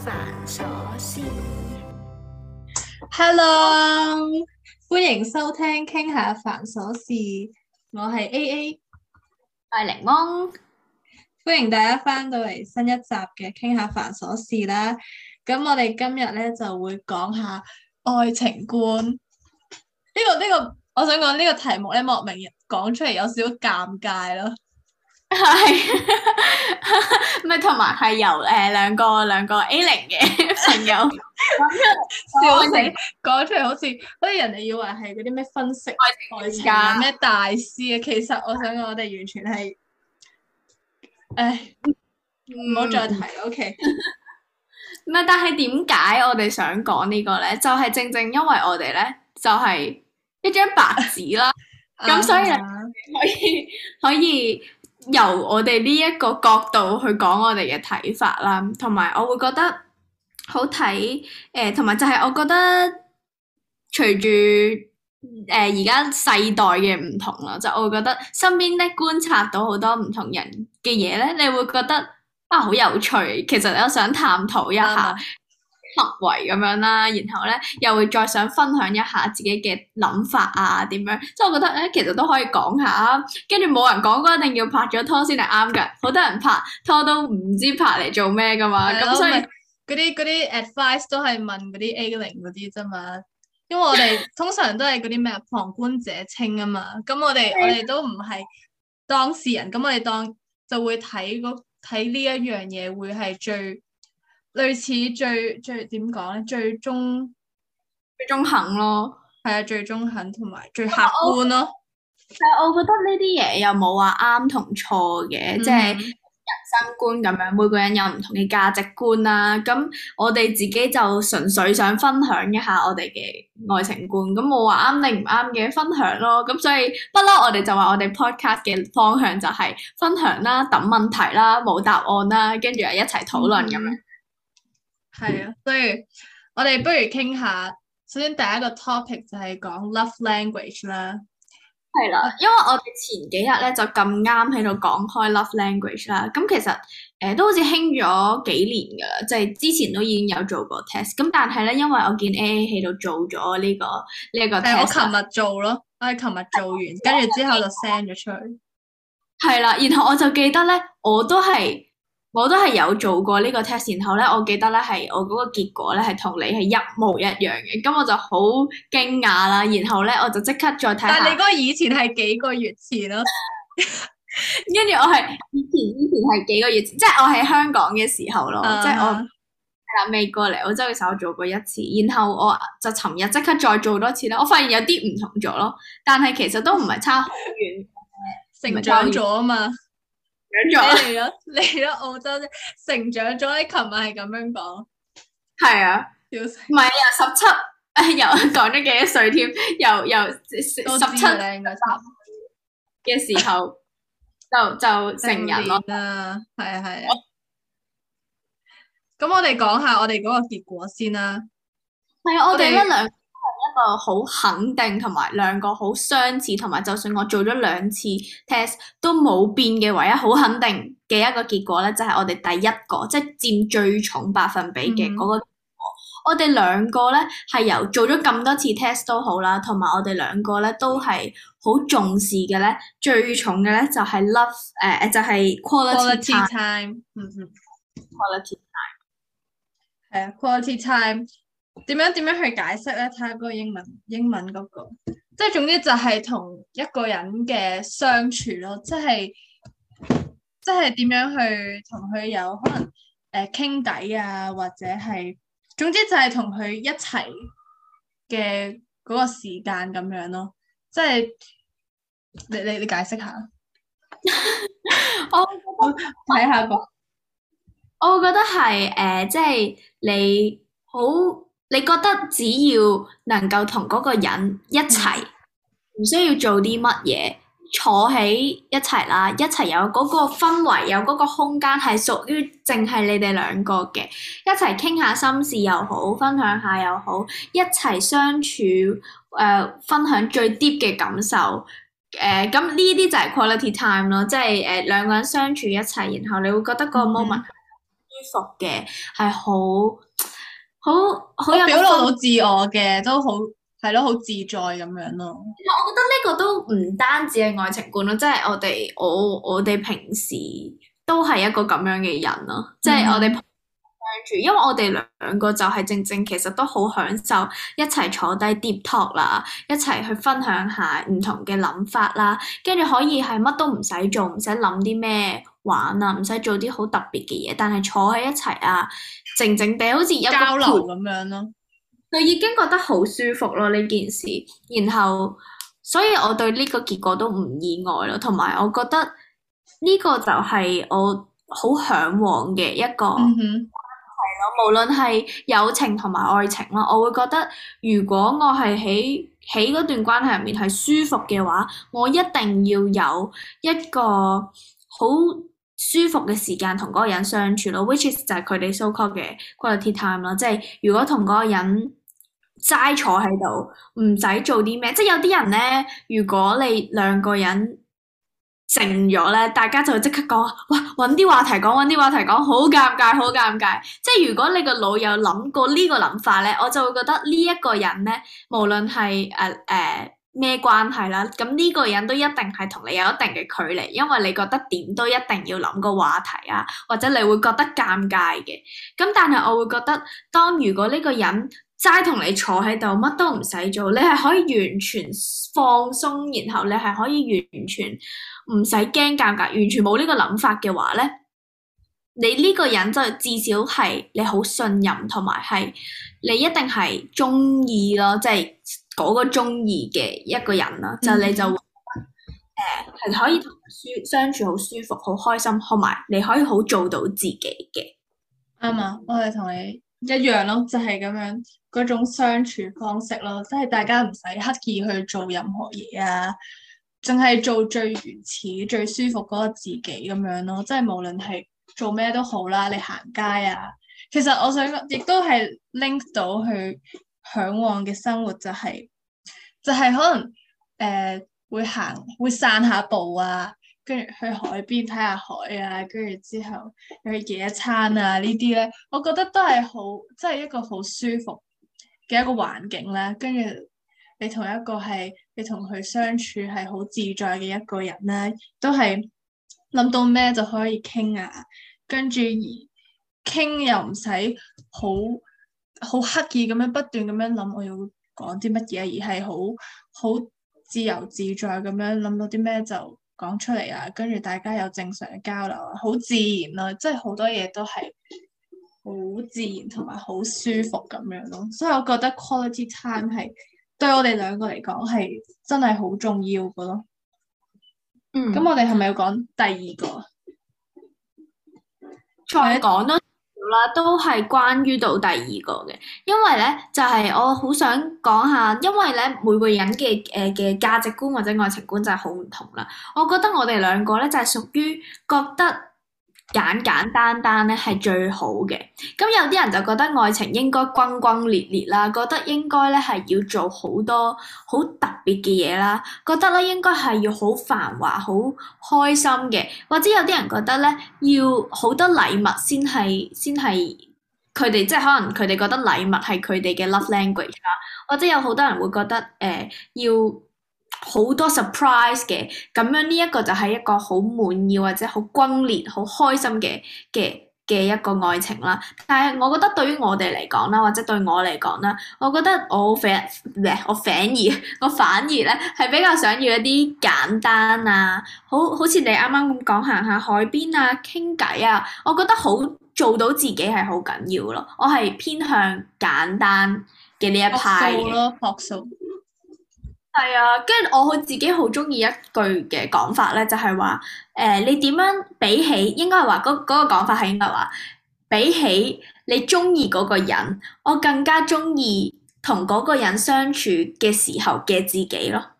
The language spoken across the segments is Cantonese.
煩瑣事，Hello，歡迎收聽傾下煩瑣事，我係 A A，大檸檬，歡迎大家翻到嚟新一集嘅傾下煩瑣事啦。咁我哋今日咧就會講下愛情觀，呢個、呢個，我想講呢個題目咧，莫名講出嚟有少少尷尬咯。係，咪同埋係由誒兩個、呃、兩個 A0 嘅朋友笑死像！講 出嚟好似好似人哋以為係嗰啲咩分析愛情咩大師嘅，其實我想我哋完全係，唉，唔好再提。OK，咪但係點解我哋想講呢個咧？就係、是、正正因為我哋咧，就係、是、一張白紙啦，咁 所以可以 可以。可以由我哋呢一個角度去講我哋嘅睇法啦，同埋我會覺得好睇，誒、呃，同埋就係我覺得隨住誒而家世代嘅唔同啦，就係、我會覺得身邊咧觀察到好多唔同人嘅嘢咧，你會覺得啊好有趣，其實我想探討一下。嗯行為咁樣啦，然後咧又會再想分享一下自己嘅諗法啊，點樣？即係我覺得咧，其實都可以講下。跟住冇人講過，嗰一定要拍咗拖先係啱噶。好多人拍拖都唔知拍嚟做咩噶嘛。咁的所以嗰啲嗰啲 advice 都係問嗰啲 A0 嗰啲啫嘛。因為我哋通常都係嗰啲咩旁觀者清啊嘛。咁我哋 我哋都唔係當事人，咁我哋當就會睇嗰睇呢一樣嘢會係最。類似最最點講咧？最中最中肯咯，係啊，最中肯同埋最客觀咯。但係我，我覺得呢啲嘢又冇話啱同錯嘅，即係、嗯、人生觀咁樣，每個人有唔同嘅價值觀啦、啊。咁我哋自己就純粹想分享一下我哋嘅愛情觀，咁冇話啱定唔啱嘅分享咯。咁所以不嬲，我哋就話我哋 podcast 嘅方向就係分享啦、啊、等問題啦、啊、冇答案啦、啊，跟住就一齊討論咁樣。嗯係啊，所以我哋不如傾下，首先第一個 topic 就係講 love language 啦。係啦、啊，因為我哋前幾日咧，就咁啱喺度講開 love language 啦。咁其實誒、欸、都好似興咗幾年噶啦，就係、是、之前都已經有做過 test。咁但係咧，因為我見 A 喺度做咗呢、這個呢、這個 test、啊、我琴日做咯，我係琴日做完，跟住、啊、之後就 send 咗出去。係啦、啊，然後我就記得咧，我都係。我都係有做過呢個 test，然後咧，我記得咧係我嗰個結果咧係同你係一模一樣嘅，咁我就好驚訝啦。然後咧，我就即刻再睇。但係你嗰個以前係幾個月前咯，跟住 我係以前以前係幾個月前，即係我喺香港嘅時候咯，uh huh. 即係我係啦未過嚟澳洲嘅時候做過一次，然後我就尋日即刻再做多次啦。我發現有啲唔同咗咯，但係其實都唔係差好遠， 成長咗啊嘛。你嚟咗嚟咗澳洲啫，成長咗。你琴日係咁樣講，係啊，唔係、啊、 又十七，又講咗幾多歲添？又又十七嘅時候 就就成人咯，係啊係啊。咁、啊、我哋講下我哋嗰個結果先啦。係啊，我哋一兩。 個好、呃、肯定同埋兩個好相似，同埋就算我做咗兩次 test 都冇變嘅唯一好肯定嘅一個結果咧，就係、是、我哋第一個即係佔最重百分比嘅嗰個。嗯、我哋兩個咧係由做咗咁多次 test 都好啦，同埋我哋兩個咧都係好重視嘅咧，最重嘅咧就係 love 誒，就係、是呃就是、quality time，嗯，quality time，係啊、嗯嗯、，quality time。Yeah, 點樣點樣去解釋咧？睇下嗰個英文英文嗰個，即係總之就係同一個人嘅相處咯，即係即係點樣去同佢有可能誒傾偈啊，或者係總之就係同佢一齊嘅嗰個時間咁樣咯，即係你你你解釋下。 我睇下個，我會覺得係誒，即係、 呃就是、你好。你覺得只要能夠同嗰個人一齊，唔、mm hmm. 需要做啲乜嘢，坐喺一齊啦，一齊有嗰個氛圍，有嗰個空間係屬於淨係你哋兩個嘅，一齊傾下心事又好，分享下又好，一齊相處，誒、呃，分享最 deep 嘅感受，誒、呃，咁呢啲就係 quality time 咯，即係誒兩個人相處一齊，然後你會覺得個 moment 舒服嘅，係好、mm。Hmm. 好好有表露到自我嘅，都好係咯，好自在咁樣咯。我覺得呢個都唔單止係愛情觀咯，即係我哋我我哋平時都係一個咁樣嘅人咯，即係我哋相處、嗯、因為我哋兩個就係正正其實都好享受一齊坐低 deep talk 啦，一齊去分享下唔同嘅諗法啦，跟住可以係乜都唔使做，唔使諗啲咩玩啊，唔使做啲好特別嘅嘢，但係坐喺一齊啊。靜靜地好似一個交流咁樣咯，就已經覺得好舒服咯呢件事，然後所以我對呢個結果都唔意外咯，同埋我覺得呢個就係我好向往嘅一個關係咯，嗯、哼無論係友情同埋愛情咯，我會覺得如果我係喺喺嗰段關係入面係舒服嘅話，我一定要有一個好舒服嘅時間同嗰個人相處咯，which is 就係佢哋 so called 嘅 quality time 咯，即係如果同嗰個人齋坐喺度唔使做啲咩，即係有啲人咧，如果你兩個人靜咗咧，大家就會即刻講哇揾啲話題講揾啲話題講，好尷尬好尷尬。即係如果你個腦有諗過個呢個諗法咧，我就會覺得呢一個人咧，無論係誒誒，Uh, uh, 咩關係啦？咁呢個人都一定係同你有一定嘅距離，因為你覺得點都一定要諗個話題啊，或者你會覺得尷尬嘅。咁但係我會覺得，當如果呢個人齋同你坐喺度，乜都唔使做，你係可以完全放鬆，然後你係可以完全唔使驚尷尬，完全冇呢個諗法嘅話咧，你呢個人就至少係你好信任，同埋係你一定係中意咯，即係。嗰個中意嘅一個人啦，嗯、就你就誒係可以同佢相處好舒服、好開心，同埋你可以好做到自己嘅。啱啊、嗯，嗯、我係同你一樣咯，就係、是、咁樣嗰種相處方式咯，即、就、係、是、大家唔使刻意去做任何嘢啊，淨係做最原始、最舒服嗰個自己咁樣咯。即、就、係、是、無論係做咩都好啦，你行街啊，其實我想講亦都係 link 到去。嚮往嘅生活就係，就係可能誒會行會散下步啊，跟住去海邊睇下海啊，跟住之後去野餐啊呢啲咧，我覺得都係好，即係一個好舒服嘅一個環境啦。跟住你同一個係，你同佢相處係好自在嘅一個人啦，都係諗到咩就可以傾啊，跟住而傾又唔使好。好刻意咁樣不斷咁樣諗我要講啲乜嘢，而係好好自由自在咁樣諗到啲咩就講出嚟啊，跟住大家有正常嘅交流啊，好自然啊，即係好多嘢都係好自然同埋好舒服咁樣咯，所以我覺得 quality time 係對我哋兩個嚟講係真係好重要噶咯。嗯。咁我哋係咪要講第二個？再講啦。都係關於到第二個嘅，因為咧就係、是、我好想講下，因為咧每個人嘅誒嘅價值觀或者愛情觀就係好唔同啦。我覺得我哋兩個咧就係屬於覺得。簡簡單單咧係最好嘅，咁有啲人就覺得愛情應該轟轟烈烈啦，覺得應該咧係要做好多好特別嘅嘢啦，覺得咧應該係要好繁華、好開心嘅，或者有啲人覺得咧要好多禮物先係先係佢哋，即係、就是、可能佢哋覺得禮物係佢哋嘅 love language 啦，或者有好多人會覺得誒、呃、要好多 surprise 嘅，咁樣呢一個就係一個好滿意或者好轟烈、好開心嘅嘅嘅一個愛情啦。但係我覺得對於我哋嚟講啦，或者對我嚟講啦，我覺得我反唔係我反而我反而咧係比較想要一啲簡單啊，好好似你啱啱咁講行下海邊啊、傾偈啊，我覺得好做到自己係好緊要咯。我係偏向簡單嘅呢一派嘅。係啊，跟住我好自己好中意一句嘅講法咧，就係、是、話，誒、呃，你點樣比起，應該係話嗰嗰個講、那個、法係應該話，比起你中意嗰個人，我更加中意同嗰個人相處嘅時候嘅自己咯。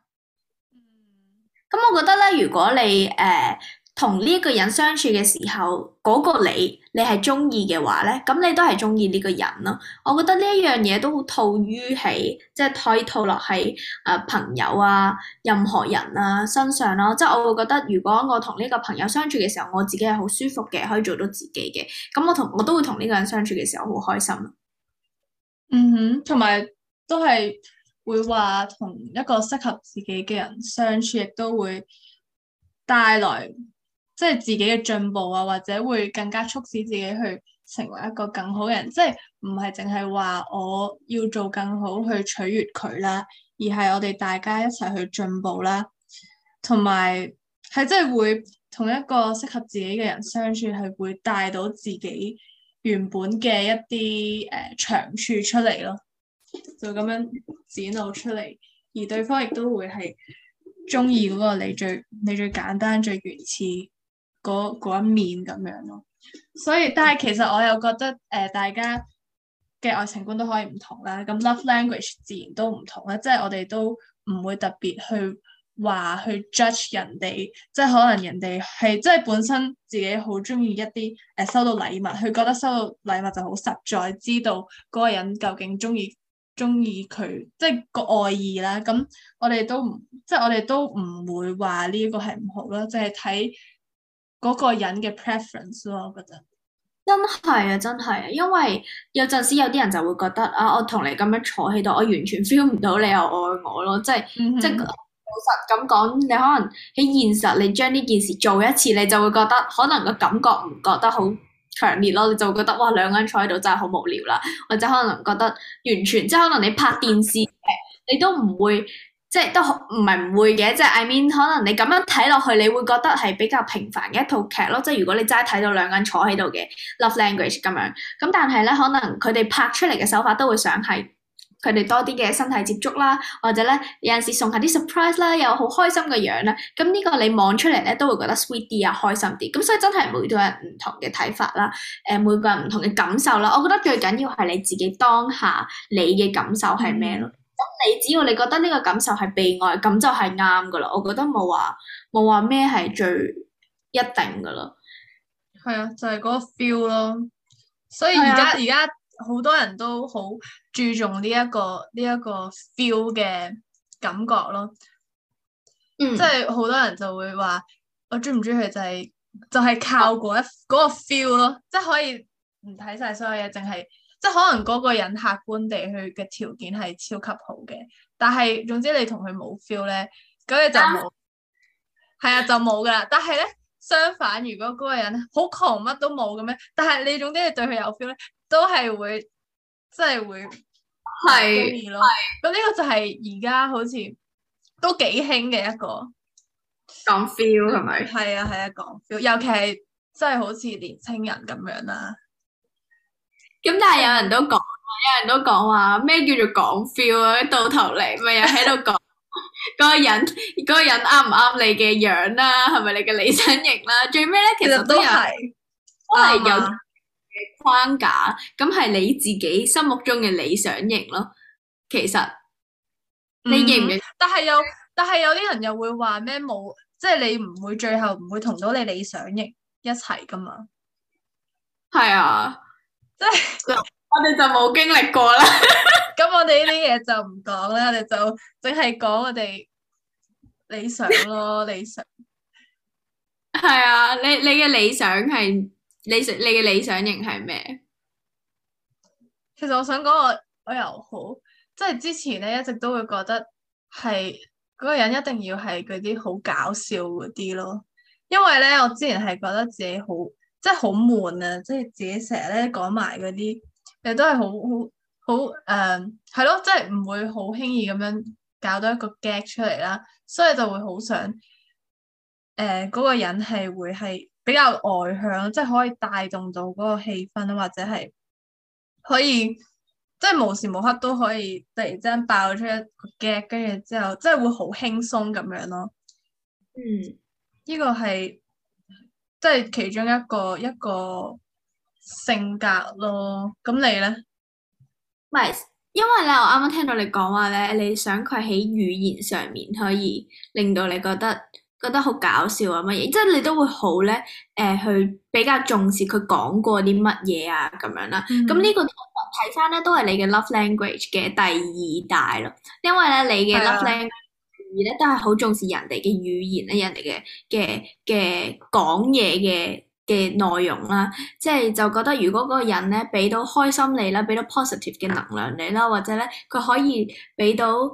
咁我覺得咧，如果你誒，呃同呢一個人相處嘅時候，嗰、那個你，你係中意嘅話咧，咁你都係中意呢個人咯。我覺得呢一樣嘢都好套於喺，即係可以套落喺啊、呃、朋友啊，任何人啊身上咯、啊。即係我會覺得，如果我同呢個朋友相處嘅時候，我自己係好舒服嘅，可以做到自己嘅，咁我同我都會同呢個人相處嘅時候好開心。嗯哼，同埋都係會話同一個適合自己嘅人相處，亦都會帶來。即係自己嘅進步啊，或者會更加促使自己去成為一個更好嘅人。即係唔係淨係話我要做更好去取悅佢啦，而係我哋大家一齊去進步啦。同埋係真係會同一個適合自己嘅人相處，係會帶到自己原本嘅一啲誒、呃、長處出嚟咯，就咁樣展露出嚟。而對方亦都會係中意嗰個你最你最簡單最原始。嗰一面咁樣咯，所以但係其實我又覺得誒、呃，大家嘅愛情觀都可以唔同啦，咁 love language 自然都唔同啦，即係我哋都唔會特別去話去 judge 人哋，即係可能人哋係即係本身自己好中意一啲誒、呃，收到禮物，佢覺得收到禮物就好實在，知道嗰個人究竟中意中意佢，即係個愛意啦。咁我哋都唔，即係我哋都唔會話呢個係唔好啦，即係睇。嗰個人嘅 preference 咯，我覺得真係啊，真係啊，因為有陣時有啲人就會覺得啊，我同你咁樣坐喺度，我完全 feel 唔到你又愛我咯，即係、嗯、哼即係老實咁講，你可能喺現實，你將呢件事做一次，你就會覺得可能個感覺唔覺得好強烈咯，你就會覺得哇兩個人坐喺度真係好無聊啦，或者可能覺得完全即係可能你拍電視劇你都唔會。即係都唔係唔會嘅。即係 I mean，可能你咁樣睇落去，你會覺得係比較平凡嘅一套劇咯。即係如果你齋睇到兩個人坐喺度嘅 Love Language 咁樣，咁但係咧，可能佢哋拍出嚟嘅手法都會想係佢哋多啲嘅身體接觸啦，或者咧有陣時送下啲 surprise 啦，有好開心嘅樣咧。咁呢個你望出嚟咧都會覺得 sweet 啲啊，開心啲。咁所以真係每個人唔同嘅睇法啦，誒每個人唔同嘅感受啦。我覺得最緊要係你自己當下你嘅感受係咩咯。你只要你覺得呢個感受係被愛，咁就係啱噶啦。我覺得冇話冇話咩係最一定噶啦。係啊，就係、是、嗰個 feel 咯。所以而家而家好多人都好注重呢、這、一個呢一、這個 feel 嘅感覺咯。即係好多人就會話我中唔中意佢就係、是、就係、是、靠嗰一嗰個 feel 咯，即係、嗯、可以唔睇晒所有嘢，淨係。即係可能嗰個人客觀地去嘅條件係超級好嘅，但係總之你同佢冇 feel 咧，咁、那、你、個、就冇係啊，啊，就冇㗎喇。但係咧相反，如果嗰個人好窮乜都冇咁樣，但係你總之你對佢有 feel 咧，都係會即係會中意是咯。咁呢個就係而家好似都幾興嘅一個講 feel 係咪？係啊，係啊，講、啊、feel，尤其係即係好似年青人咁樣啦、啊。咁但係有人都講，嗯、有人都講話咩叫做講 feel 啊？到頭嚟咪 又喺度講嗰個人，嗰個人啱唔啱你嘅樣啦、啊？係咪你嘅理想型啦、啊？最尾咧，其實都係都係、啊、有框架，咁係你自己心目中嘅理想型咯。其實你認唔認、嗯？但係又但係有啲人又會話咩冇，即、就、係、係、你唔會最後唔會同到你理想型一齊㗎嘛？係啊。即係我哋就冇經歷過啦，咁我哋呢啲嘢就唔講啦，我哋就淨係講我哋理想咯，理想。係 啊，你你嘅理想係，理想你嘅理想型係咩？ 其實我想講我我又好，即係之前咧一直都會覺得係嗰個人一定要係嗰啲好搞笑嗰啲咯，因為咧我之前係覺得自己好。即係好悶啊！即係自己成日咧講埋嗰啲，亦都係好好好誒，係、呃、咯，即係唔會好輕易咁樣搞到一個 gag 出嚟啦，所以就會好想誒嗰、呃嗰個人係會係比較外向，即係可以帶動到嗰個氣氛，或者係可以即係無時無刻都可以突然之間爆出一個 gag，跟住之後即係會好輕鬆咁樣咯。嗯，呢、呢個係。即係其中一個一個性格咯，咁你咧？唔係，因為咧，我啱啱聽到你講話咧，你想佢喺語言上面可以令到你覺得覺得好搞笑啊乜嘢，即係你都會好咧誒，去比較重視佢講過啲乜嘢啊咁樣啦。咁、嗯、呢個睇翻咧都係你嘅 love language 嘅第二大咯，因為咧你嘅 love language、啊。而呢都係好重視人哋嘅語言咧，人哋嘅嘅嘅講嘢嘅嘅內容啦，即係就覺得如果嗰個人咧俾到開心你啦，俾到 positive 嘅能量你啦，或者咧佢可以俾到誒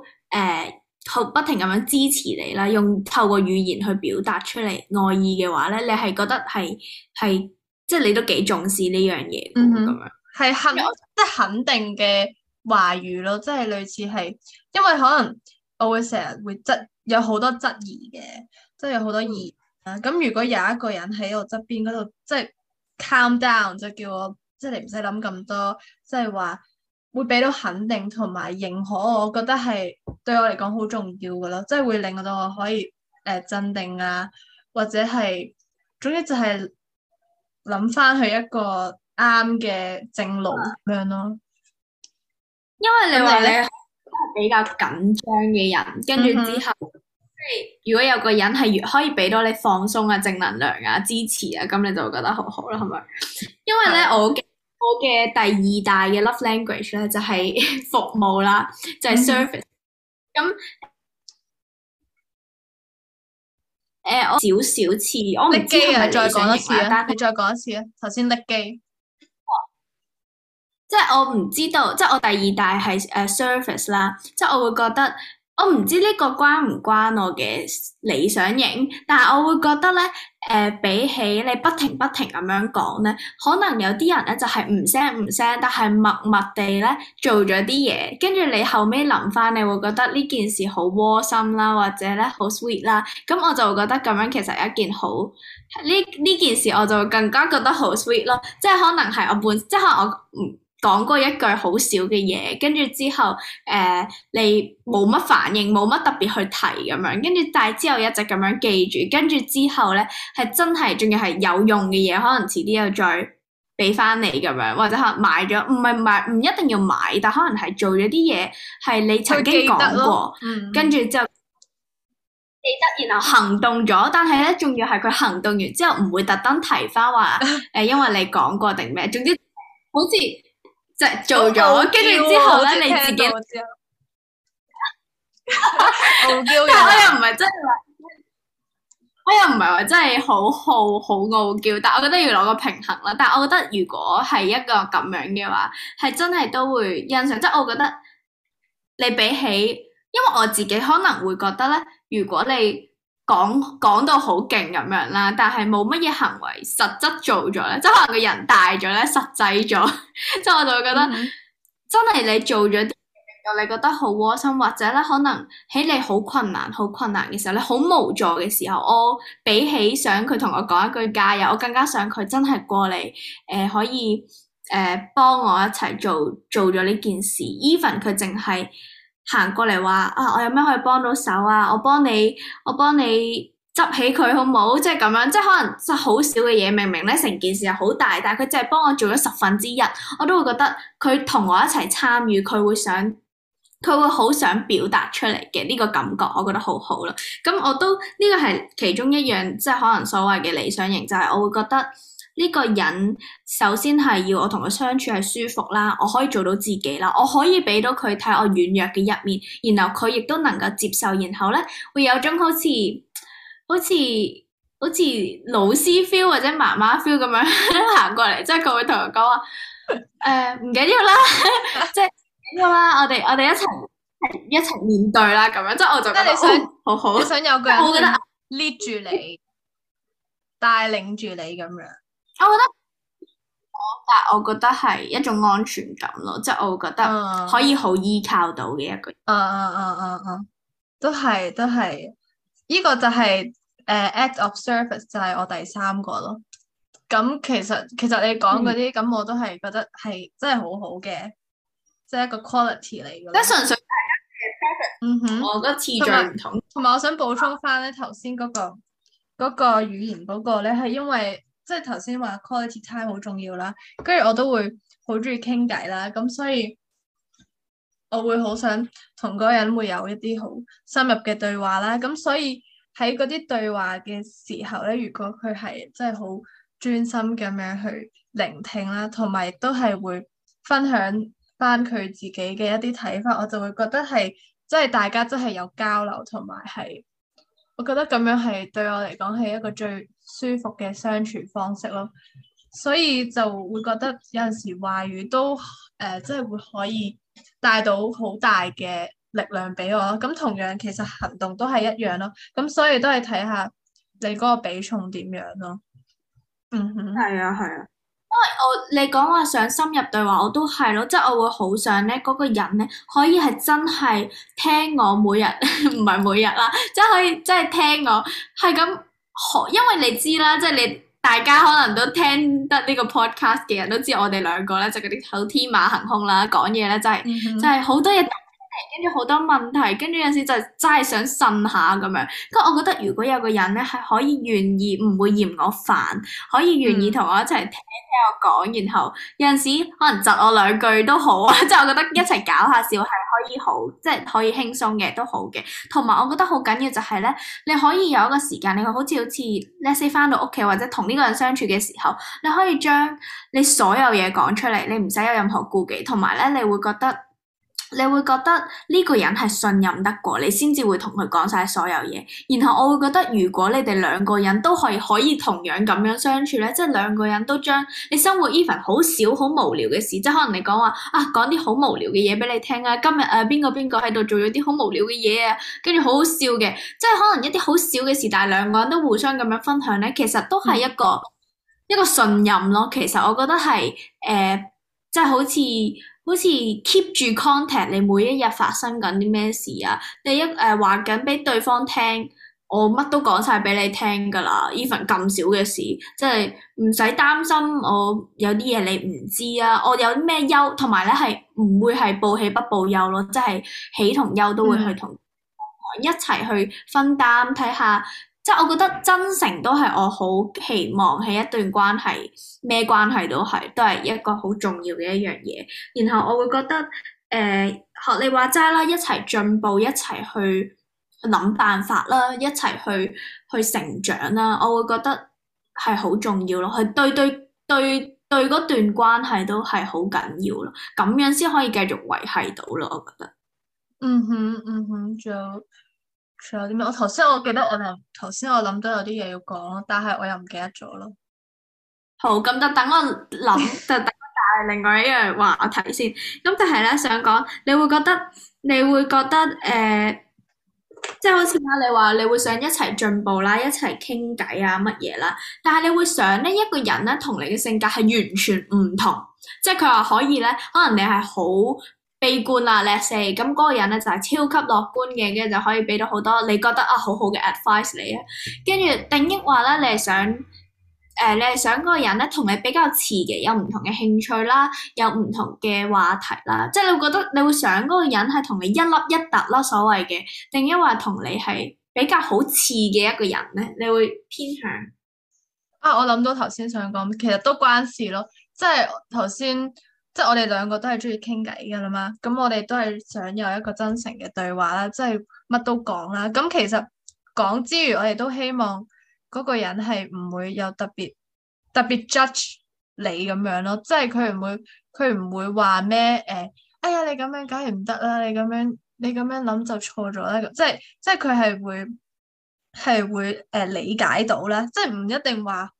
好、呃、不停咁樣支持你啦，用透過語言去表達出嚟愛意嘅話咧，你係覺得係係即係你都幾重視呢樣嘢咁樣，係肯很以即係肯定嘅話語咯，即、就、係、是、類似係因為可能。我會成日會質有好多質疑嘅，即係有好多疑啊！咁如果有一個人喺我側邊嗰度，即係 calm down，就叫我即係你唔使諗咁多，即係話會俾到肯定同埋認可我，我覺得係對我嚟講好重要噶咯，即係會令到我可以誒鎮、呃、定啊鎮定，或者係總之就係諗翻去一個啱嘅正路咁樣咯。因為你話你。比較緊張嘅人，跟住之後，即係如果有個人係越可以俾到你放鬆啊、正能量啊、支持啊，咁你就會覺得好好啦，係咪？因為咧、嗯，我嘅我嘅第二大嘅 love language 咧就係、是、服務啦，就係、是、service 咁，誒，少、呃、少我叻基啊，再講一次啊，你再講一次啊，頭先叻基。即係我唔知道，即係我第二大係誒 surface 啦。即係我會覺得，我唔知呢個關唔關我嘅理想型，但係我會覺得咧，誒、呃、比起你不停不停咁樣講咧，可能有啲人咧就係、是、唔聲唔聲，但係默默地咧做咗啲嘢，跟住你後尾諗翻，你會覺得呢件事好窩心啦，或者咧好 sweet 啦。咁我就會覺得咁樣其實一件好呢呢件事，我就更加覺得好 sweet 咯。即係可能係我本，即係我唔。嗯講過一句好少嘅嘢，跟住之後誒、呃，你冇乜反應，冇乜特別去提咁樣，跟住但係之後一直咁樣記住，跟住之後咧係真係仲要係有用嘅嘢，可能遲啲又再俾翻你咁樣，或者係買咗，唔係唔買，唔一定要買，但可能係做咗啲嘢係你曾經講過，嗯，跟住之就記得，然、嗯、後行動咗，但係咧仲要係佢行動完之後唔會特登提翻話誒，因為你講過定咩，總之 好似。即係做咗，跟住之後咧你自己傲嬌， 但係 我又唔係真係話， 我又唔係話真係 好好好傲嬌，但我覺得要攞個平衡啦。但係我覺得如果係一個咁樣嘅話，係真係都會印象。即係我覺得你比起，因為我自己可能會覺得咧，如果你。講講到好勁咁樣啦，但係冇乜嘢行為實質做咗咧，即係可能個人大咗咧，實際咗， 即係我就會覺得、mm hmm. 真係你做咗啲令你覺得好窩心，或者咧可能喺你好困難、好困難嘅時候，你好無助嘅時候，我比起想佢同我講一句加油，我更加想佢真係過嚟誒、呃，可以誒幫、呃、我一齊做做咗呢件事。Even 佢淨係。行過嚟話啊，我有咩可以幫到手啊？我幫你，我幫你執起佢好唔好？即係咁樣，即係可能執好少嘅嘢，明明咧成件事係好大，但係佢淨係幫我做咗十分之一，我都會覺得佢同我一齊參與，佢會想，佢會好想表達出嚟嘅呢個感覺，我覺得好好囉。咁我都呢個係其中一樣，即係可能所謂嘅理想型，就係、是、我會覺得。呢個人首先係要我同佢相處係舒服啦，我可以做到自己啦，我可以俾到佢睇我軟弱嘅一面，然後佢亦都能夠接受，然後咧會有種好似好似好似老師 feel 或者媽媽 feel 咁樣行過嚟，即係佢會同我講話誒唔緊要啦，即係緊要啦，我哋我哋一齊一齊面對啦咁樣，即係我就覺得你想、哦、好好想有個人 lead 住 你，帶領住你咁樣。我覺得我覺得係一種安全感咯，即係我會覺得可以好依靠到嘅一個。嗯嗯嗯嗯嗯，都係都係，依、這個就係、是、誒、uh, act of service 就係我第三個咯。咁其實其實你講嗰啲咁，嗯、我都係覺得係真係好好嘅，即、就、係、是、一個 quality 嚟嘅。即係純粹係一嘅 project。嗯哼，我覺得次序唔同。同埋我想補充翻咧，頭先嗰個嗰、那個語言嗰、那個咧，係因為。即係頭先話 quality time 好重要啦，跟住我都會好中意傾偈啦，咁所以我會好想同嗰個人會有一啲好深入嘅對話啦，咁所以喺嗰啲對話嘅時候咧，如果佢係真係好專心咁樣去聆聽啦，同埋亦都係會分享翻佢自己嘅一啲睇法，我就會覺得係即係大家真係有交流同埋係，我覺得咁樣係對我嚟講係一個最舒服嘅相處方式咯，所以就會覺得有陣時話語都誒，即係會可以帶到好大嘅力量俾我咯。咁同樣其實行動都係一樣咯。咁所以都係睇下你嗰個比重點樣咯。嗯哼，係啊，係啊。因為我你講話想深入對話，我都係咯，即係我會好想咧，嗰個人咧可以係真係聽我每日，唔 係每日啦，即係可以即係聽我係咁。好，因為你知啦，即係你大家可能都聽得呢個 podcast 嘅人都知我哋兩個咧，就嗰啲好天馬行空啦，講嘢咧，真係真係好多嘢。跟住好多問題，跟住有陣時就真係想呻下咁樣。跟住我覺得如果有個人咧，係可以願意唔會嫌我煩，可以願意同我一齊聽聽我講，然後有陣時可能窒我兩句都好啊。即 係 我覺得一齊搞下笑係可以好，即係可以輕鬆嘅都好嘅。同埋我覺得好緊要就係咧，你可以有一個時間，你好似好似 last 翻到屋企或者同呢個人相處嘅時候，你可以將你所有嘢講出嚟，你唔使有任何顧忌，同埋咧你會覺得。你會覺得呢個人係信任得過，你先至會同佢講晒所有嘢。然後我會覺得，如果你哋兩個人都可以可以同樣咁樣相處咧，即係兩個人都將你生活 even 好少好無聊嘅事，即係可能你講話啊，講啲好無聊嘅嘢俾你聽啊。今日誒，邊個邊個喺度做咗啲好無聊嘅嘢啊？跟住好好笑嘅，即係可能一啲好少嘅事，但係兩個人都互相咁樣分享咧，其實都係一個、嗯、一個信任咯。其實我覺得係誒，即係，呃，就是好似。好似 keep 住 contact，你每一日發生緊啲咩事啊？第一誒話緊俾對方聽，我乜都講晒俾你聽㗎啦。Even 咁少嘅事，即係唔使擔心我有啲嘢你唔知啊。我有啲咩憂，同埋咧係唔會係報喜不報憂咯，即係喜同憂都會去同一齊去分擔，睇下。即係我覺得真誠都係我好期望喺一段關係，咩關係都係都係一個好重要嘅一樣嘢。然後我會覺得，誒、呃、學你話齋啦，一齊進步，一齊去諗辦法啦，一齊去去成長啦，我會覺得係好重要咯。係對對對對，對段關係都係好緊要咯，咁樣先可以繼續維係到咯。我覺得。嗯哼，嗯哼就。仲有啲咩？我頭先我記得我又頭先我諗都有啲嘢要講咯，但係我又唔記得咗咯。好，咁就等我諗，就等 我帶另外一樣話我睇先。咁就係咧，想講，你會覺得你會覺得誒，即、呃、係、就是、好似咧，你話你會想一齊進步啦，一齊傾偈啊，乜嘢啦？但係你會想呢一個人咧同你嘅性格係完全唔同，即係佢話可以咧，可能你係好。悲觀啦叻四，s 咁嗰個人咧就係超級樂觀嘅，跟住就可以俾到好多你覺得啊好好嘅 advice 你啊。跟住，定一話咧，你係想誒，你係想嗰個人咧同你比較似嘅，有唔同嘅興趣啦，有唔同嘅話題啦，即係你會覺得你會想嗰個人係同你一粒一突啦，所謂嘅定一話同你係比較好似嘅一個人咧，你會偏向？啊，我諗到頭先想講，其實都關事咯，即係頭先。即係我哋兩個都係中意傾偈噶啦嘛，咁我哋都係想有一個真誠嘅對話啦，即係乜都講啦。咁其實講之餘，我哋都希望嗰個人係唔會有特別特別 judge 你咁樣咯，即係佢唔會佢唔會話咩誒，哎呀你咁樣梗係唔得啦，你咁樣你咁樣諗就錯咗啦。即係即係佢係會係會誒、呃、理解到啦，即係唔一定話。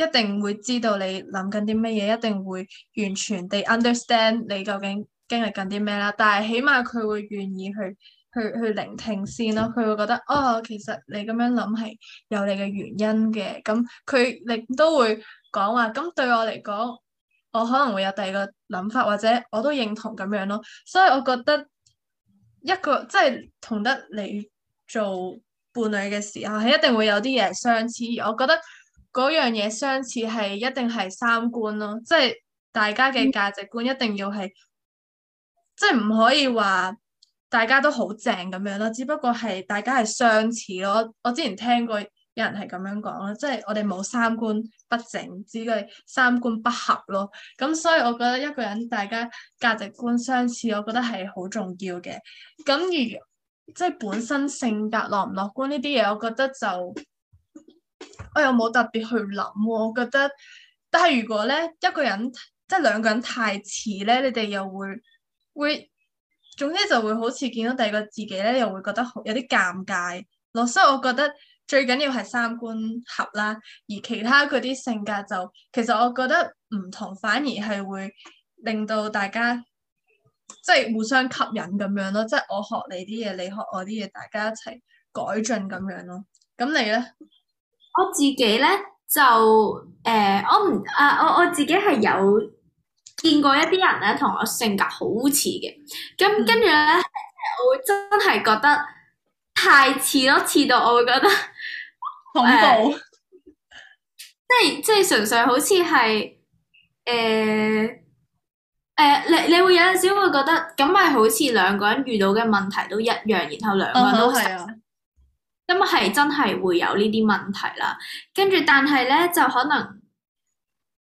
一定會知道你諗緊啲咩嘢，一定會完全地 understand 你究竟經歷緊啲咩啦。但係起碼佢會願意去去去聆聽先咯。佢會覺得哦，其實你咁樣諗係有你嘅原因嘅。咁佢亦都會講話。咁對我嚟講，我可能會有第二個諗法，或者我都認同咁樣咯。所以我覺得一個即係同得你做伴侶嘅時候，係一定會有啲嘢相似。而我覺得。嗰樣嘢相似係一定係三觀咯，即係大家嘅價值觀一定要係，即係唔可以話大家都好正咁樣咯。只不過係大家係相似咯我。我之前聽過有人係咁樣講咯，即係我哋冇三觀不正，只係三觀不合咯。咁所以我覺得一個人大家價值觀相似，我覺得係好重要嘅。咁而即係本身性格樂唔樂觀呢啲嘢，我覺得就。我又冇特別去諗，我覺得，但係如果咧，一個人即係兩個人太似咧，你哋又會會，總之就會好似見到第二個自己咧，又會覺得有啲尷尬咯。所以，我覺得最緊要係三觀合啦，而其他嗰啲性格就其實我覺得唔同，反而係會令到大家即係互相吸引咁樣咯。即係我學你啲嘢，你學我啲嘢，大家一齊改進咁樣咯。咁你咧？我自己咧就誒、呃，我唔啊，我我自己係有見過一啲人咧，同我性格好似嘅。咁跟住咧，我真係覺得太似咯，似到我會覺得、呃、恐怖。即係即係純粹好似係誒誒，你你會有陣時會覺得咁咪好似兩個人遇到嘅問題都一樣，然後兩個都係、哦。咁係真係會有呢啲問題啦，跟住但係咧就可能，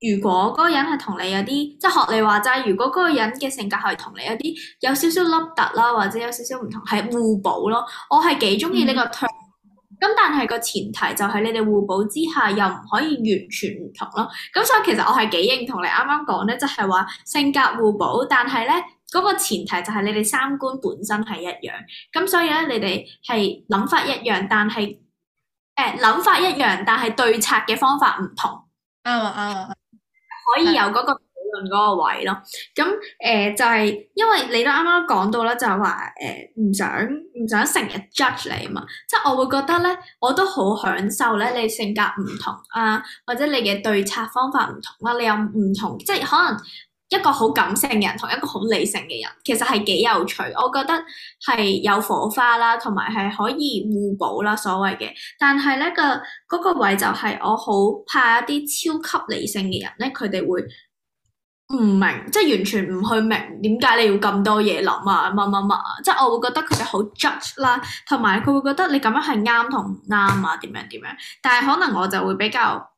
如果嗰個人係同你有啲，即係學你話齋，如果嗰個人嘅性格係同你有啲有少少凹凸啦，或者有少少唔同，係互補咯。我係幾中意呢個 turn，咁但係個前提就係你哋互補之下又唔可以完全唔同咯。咁所以其實我係幾認同你啱啱講咧，即係話性格互補，但係咧。嗰個前提就係你哋三觀本身係一樣，咁所以咧你哋係諗法一樣，但係誒諗法一樣，但係對策嘅方法唔同。啱啊、嗯嗯嗯、可以有嗰個討論嗰個位咯。咁誒、呃、就係、是、因為你都啱啱講到啦，就係話誒唔想唔想成日 judge 你嘛。即、就、係、是、我會覺得咧，我都好享受咧你性格唔同啊，或者你嘅對策方法唔同啦、啊，你有唔同，即、就、係、是、可能。一個好感性嘅人同一個好理性嘅人，其實係幾有趣，我覺得係有火花啦，同埋係可以互補啦，所謂嘅。但係咧個嗰個位就係我好怕一啲超級理性嘅人咧，佢哋會唔明，即係完全唔去明點解你要咁多嘢諗啊，乜乜乜啊！即係我會覺得佢哋好 judge 啦，同埋佢會覺得你咁樣係啱同唔啱啊，點樣點樣。但係可能我就會比較。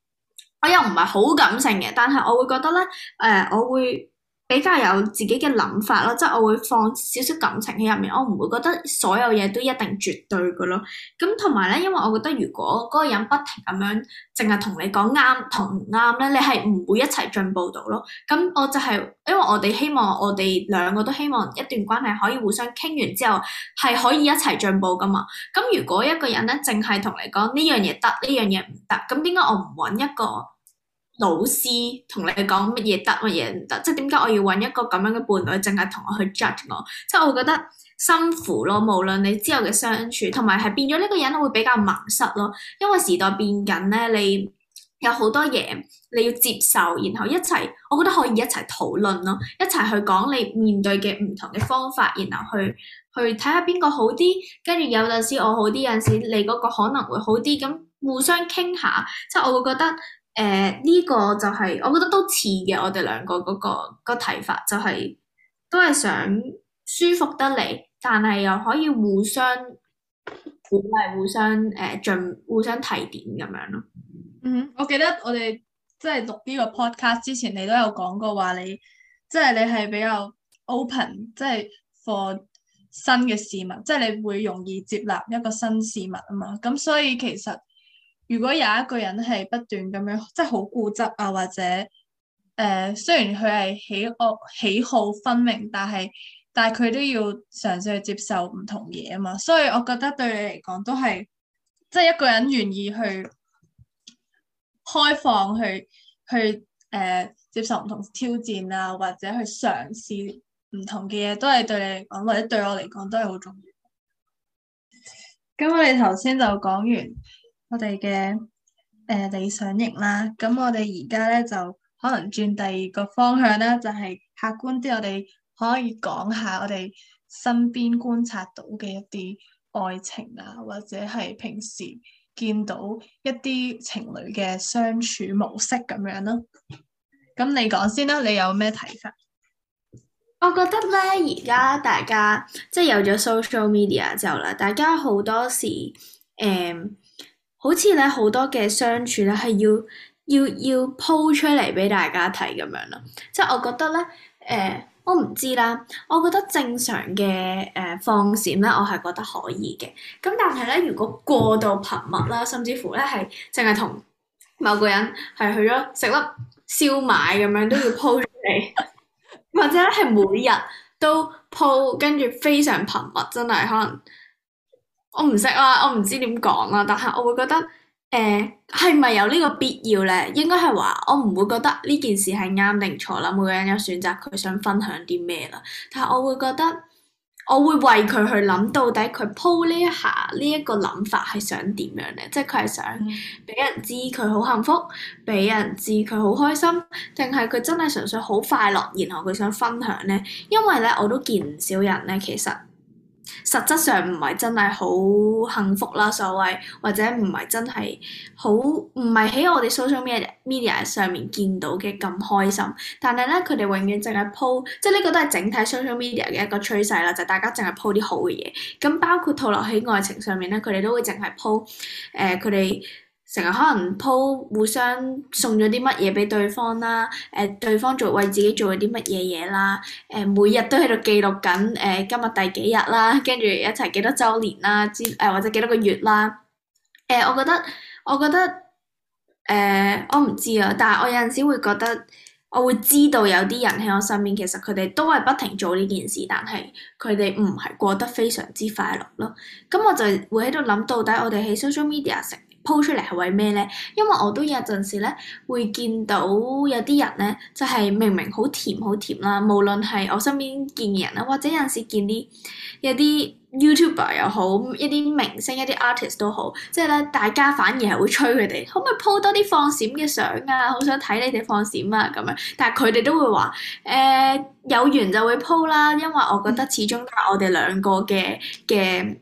我又唔係好感性嘅，但係我會覺得咧，誒、呃、我會。比較有自己嘅諗法咯，即係我會放少少感情喺入面，我唔會覺得所有嘢都一定絕對噶咯。咁同埋咧，因為我覺得如果嗰個人不停咁樣淨係同你講啱同唔啱咧，你係唔會一齊進步到咯。咁我就係，因為我哋希望我哋兩個都希望一段關係可以互相傾完之後係可以一齊進步噶嘛。咁如果一個人咧，淨係同你講呢樣嘢得、呢樣嘢唔得，咁點解我唔揾一個？老師同你講乜嘢得，乜嘢唔得，即係點解我要揾一個咁樣嘅伴侶，淨係同我去 judge 我，即係我會覺得辛苦咯。無論你之後嘅相處，同埋係變咗呢個人我會比較盲塞咯。因為時代變緊咧，你有好多嘢你要接受，然後一齊，我覺得可以一齊討論咯，一齊去講你面對嘅唔同嘅方法，然後去去睇下邊個好啲，跟住有陣時我好啲，有陣時你嗰個可能會好啲，咁互相傾下，即係我會覺得。誒，呢、uh, 個就係、是，我覺得都似嘅，我哋兩個嗰、那個、那個睇法、就是，就係都係想舒服得嚟，但係又可以互相鼓勵、互相誒進、呃、互相提點咁樣咯。嗯，我記得我哋即係錄呢個 podcast 之前，你都有講過話你，即、就、係、是、你係比較 open，即係 for 新嘅事物，即、就、係、是、你會容易接納一個新事物啊嘛，咁所以其實。如果有一個人係不斷咁樣，即係好固執啊，或者誒，雖然佢係喜惡喜好分明，但係但係佢都要嘗試去接受唔同嘢啊嘛，所以我覺得對你嚟講都係，即係一個人願意去開放去去誒接受唔同挑戰啊，或者去嘗試唔同嘅嘢，都係對你嚟講或者對我嚟講都係好重要。咁我哋頭先就講完我哋嘅誒理想型啦，咁我哋而家咧就可能轉第二個方向啦，就係客觀啲，我哋可以講下我哋身邊觀察到嘅一啲愛情啊，或者係平時見到一啲情侶嘅相處模式咁樣咯。咁你講先啦，你有咩睇法？我覺得咧，而家大家即係有咗 social media 之後啦，大家好多時誒。嗯好似咧好多嘅相處咧，係要要要鋪出嚟俾大家睇咁樣咯。即係我覺得咧，誒、呃，我唔知啦。我覺得正常嘅誒放閃咧，我係覺得可以嘅。咁但係咧，如果過度頻密啦，甚至乎咧係淨係同某個人係去咗食粒燒賣咁樣都要鋪出嚟， 或者係每日都鋪，跟住非常頻密，真係可能。我唔識啦，我唔知點講啦，但係我會覺得，誒，係咪有呢個必要咧？應該係話我唔會覺得呢件事係啱定錯啦。每個人有選擇佢想分享啲咩啦，但係我會覺得，我會為佢去諗到底佢鋪呢一下，這個，呢一個諗法係想點樣咧？即係佢係想俾人知佢好幸福，俾人知佢好開心，定係佢真係純粹好快樂，然後佢想分享咧？因為咧，我都見唔少人咧，其實。實質上唔係真係好幸福啦，所謂或者唔係真係好，唔係喺我哋 social media media 上面見到嘅咁開心。但係咧，佢哋永遠淨係 po，即係呢個都係整體 social media 嘅一個趨勢啦，就係、大家淨係 po 啲好嘅嘢。咁包括套落喺愛情上面咧，佢哋都會淨係 po 呃、佢哋。成日可能 po 互相送咗啲乜嘢俾對方啦，誒、呃、對方做為自己做咗啲乜嘢嘢啦，誒、呃、每日都喺度記錄緊誒今日第幾日啦，跟住一齊幾多週年啦，之誒或者幾多個月啦。誒、呃，我覺得我覺得誒、呃，我唔知啊，但係我有陣時會覺得我會知道有啲人喺我身邊，其實佢哋都係不停做呢件事，但係佢哋唔係過得非常之快樂咯。咁、嗯、我就會喺度諗，到底我哋喺 social media 食，鋪出嚟係為咩咧？因為我都有陣時咧，會見到有啲人咧，就係、是、明明好甜好甜啦，無論係我身邊見嘅人啦，或者有陣時見啲有啲 YouTuber 又好，一啲明星、一啲 artist 都好，即係咧，大家反而係會催佢哋，可唔可以鋪多啲放閃嘅相啊？好想睇你哋放閃啊咁樣。但係佢哋都會話：誒、呃、有緣就會鋪啦，因為我覺得始終都係我哋兩個嘅嘅。嗯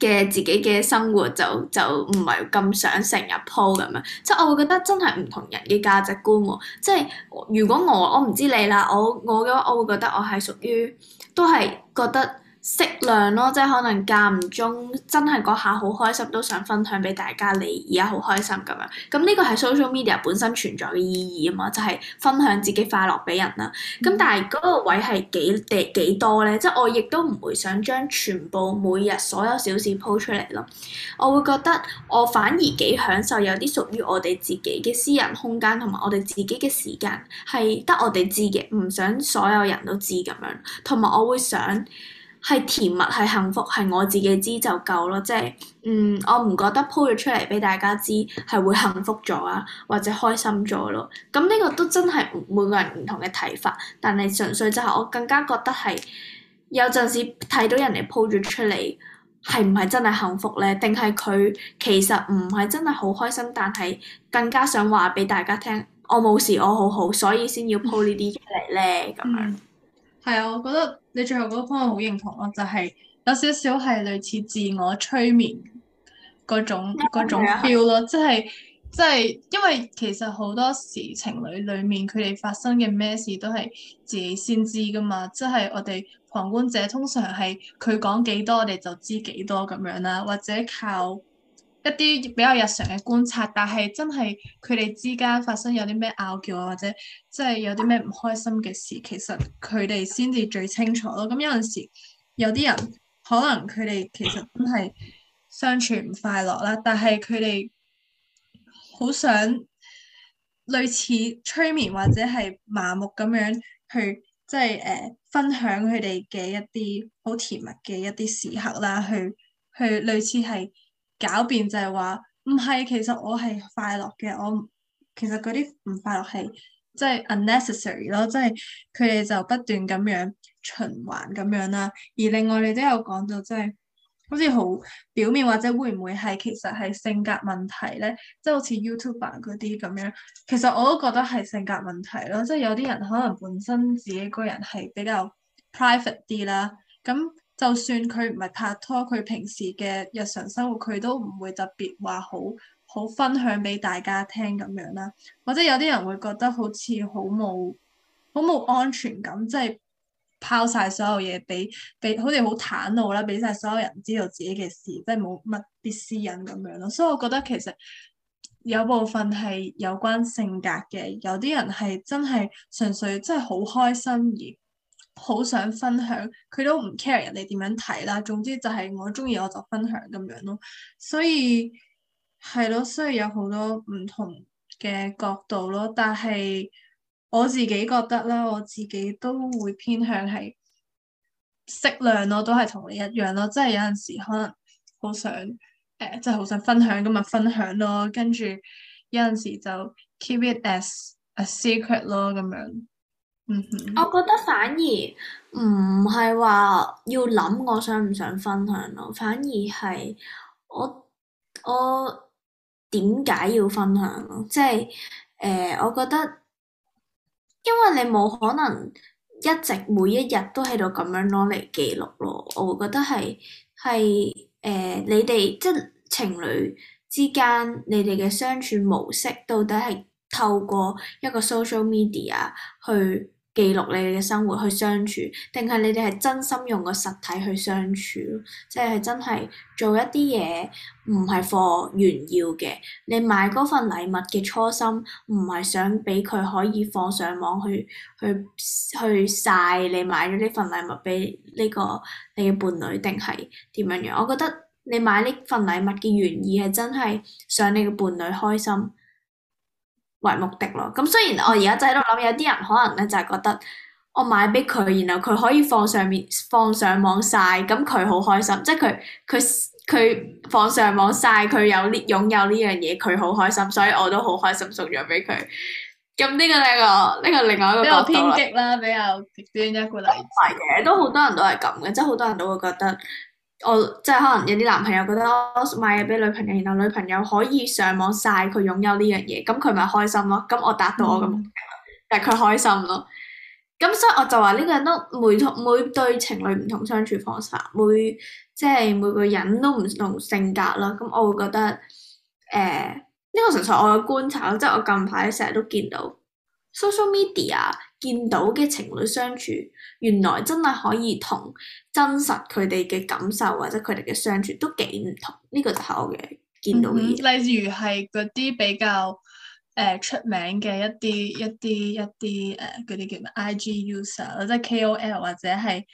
嘅自己嘅生活就就唔係咁想成日 po 咁樣，即係我會覺得真係唔同人嘅價值觀喎，即係如果我我唔知你啦，我我嘅話，我會覺得我係屬於都係覺得。適量咯，即係可能間唔中，真係嗰下好開心都想分享俾大家。你而家好開心咁樣，咁呢個係 social media 本身存在嘅意義啊嘛，就係、是、分享自己快樂俾人啦。咁、嗯、但係嗰個位係幾地幾多咧？即係我亦都唔會想將全部每日所有小事 po 出嚟咯。我會覺得我反而幾享受有啲屬於我哋自己嘅私人空間，同埋我哋自己嘅時間係得我哋知嘅，唔想所有人都知咁樣。同埋我會想。係甜蜜，係幸福，係我自己知就夠咯。即係，嗯，我唔覺得 po 咗出嚟俾大家知係會幸福咗啊，或者開心咗咯。咁呢個都真係每個人唔同嘅睇法。但係純粹就係我更加覺得係有陣時睇到人哋 po 咗出嚟係唔係真係幸福咧？定係佢其實唔係真係好開心，但係更加想話俾大家聽，我冇事，我好好，所以先要 po 呢啲出嚟咧咁樣。嗯係啊，我覺得你最後嗰個方案好認同咯，就係、是、有少少係類似自我催眠嗰種嗰種 feel 咯，即係即係因為其實好多時情侶裡，裡面佢哋發生嘅咩事都係自己先知㗎嘛，即、就、係、是、我哋旁觀者通常係佢講幾多我哋就知幾多咁樣啦，或者靠。一啲比較日常嘅觀察，但係真係佢哋之間發生有啲咩拗撬啊，或者即係有啲咩唔開心嘅事，其實佢哋先至最清楚咯。咁有陣時有啲人可能佢哋其實真係相處唔快樂啦，但係佢哋好想類似催眠或者係麻木咁樣去即係誒分享佢哋嘅一啲好甜蜜嘅一啲時刻啦，去去類似係。狡辯就係話唔係，其實我係快樂嘅，我其實嗰啲唔快樂係即係 unnecessary 咯，即係佢哋就不斷咁樣循環咁樣啦、啊。而另外你都有講到、就是，即係好似好表面或者會唔會係其實係性格問題咧？即係好似 YouTuber 嗰啲咁樣，其實我都覺得係性格問題咯。即係有啲人可能本身自己個人係比較 private 啲啦，咁。就算佢唔係拍拖，佢平時嘅日常生活佢都唔會特別話好好分享俾大家聽咁樣啦。或者有啲人會覺得好似好冇好冇安全感，即係拋晒所有嘢俾俾，好似好坦露啦，俾晒所有人知道自己嘅事，即係冇乜啲私隱咁樣咯。所以我覺得其實有部分係有關性格嘅，有啲人係真係純粹真係好開心而。好想分享，佢都唔 care 人哋點樣睇啦。總之就係我中意我就分享咁樣咯。所以係咯，所以有好多唔同嘅角度咯。但係我自己覺得啦，我自己都會偏向係適量咯，都係同你一樣咯。即係有陣時可能好想誒，即係好想分享咁咪分享咯。跟住有陣時就 keep it as a secret 咯，咁樣。我覺得反而唔係話要諗我想唔想分享咯，反而係我我點解要分享咯？即係誒，我覺得因為你冇可能一直每一日都喺度咁樣攞嚟記錄咯。我覺得係係誒，你哋即係情侶之間你哋嘅相處模式到底係透過一個 social media 去。記錄你哋嘅生活去相處，定係你哋係真心用個實體去相處，即係真係做一啲嘢唔係放炫耀嘅。你買嗰份禮物嘅初心，唔係想俾佢可以放上網去去去晒你買咗呢份禮物俾呢個你嘅伴侶，定係點樣樣？我覺得你買呢份禮物嘅原意係真係想你嘅伴侶開心。為目的咯，咁雖然我而家就喺度諗，有啲人可能咧就係、是、覺得我買俾佢，然後佢可以放上面放上網晒，咁佢好開心，即係佢佢佢放上網晒，佢有呢擁有呢樣嘢，佢好開心，所以我都好開心送咗俾佢。咁呢、這個呢、這個呢、這個另外一個角度啦，比較偏激啦，比較極端一個例。係嘅，都好多人都係咁嘅，即係好多人都會覺得。我即係可能有啲男朋友覺得我買嘢俾女朋友，然後女朋友可以上網晒佢擁有呢樣嘢，咁佢咪開心咯。咁我達到我嘅目標，嗯、但佢開心咯。咁所以我就話呢、這個人都每每對情侶唔同相處方式，每即係每個人都唔同性格啦。咁我會覺得誒呢、呃這個純粹我嘅觀察咯，即係我近排成日都見到 social media 見到嘅情侶相處。原來真係可以同真實佢哋嘅感受或者佢哋嘅相處都幾唔同，呢個、這個就係我嘅見到嘅嘢、嗯、例如係嗰啲比較誒、呃、出名嘅一啲一啲一啲誒啲叫咩 I G user 即 KOL，或者 K O L 或者係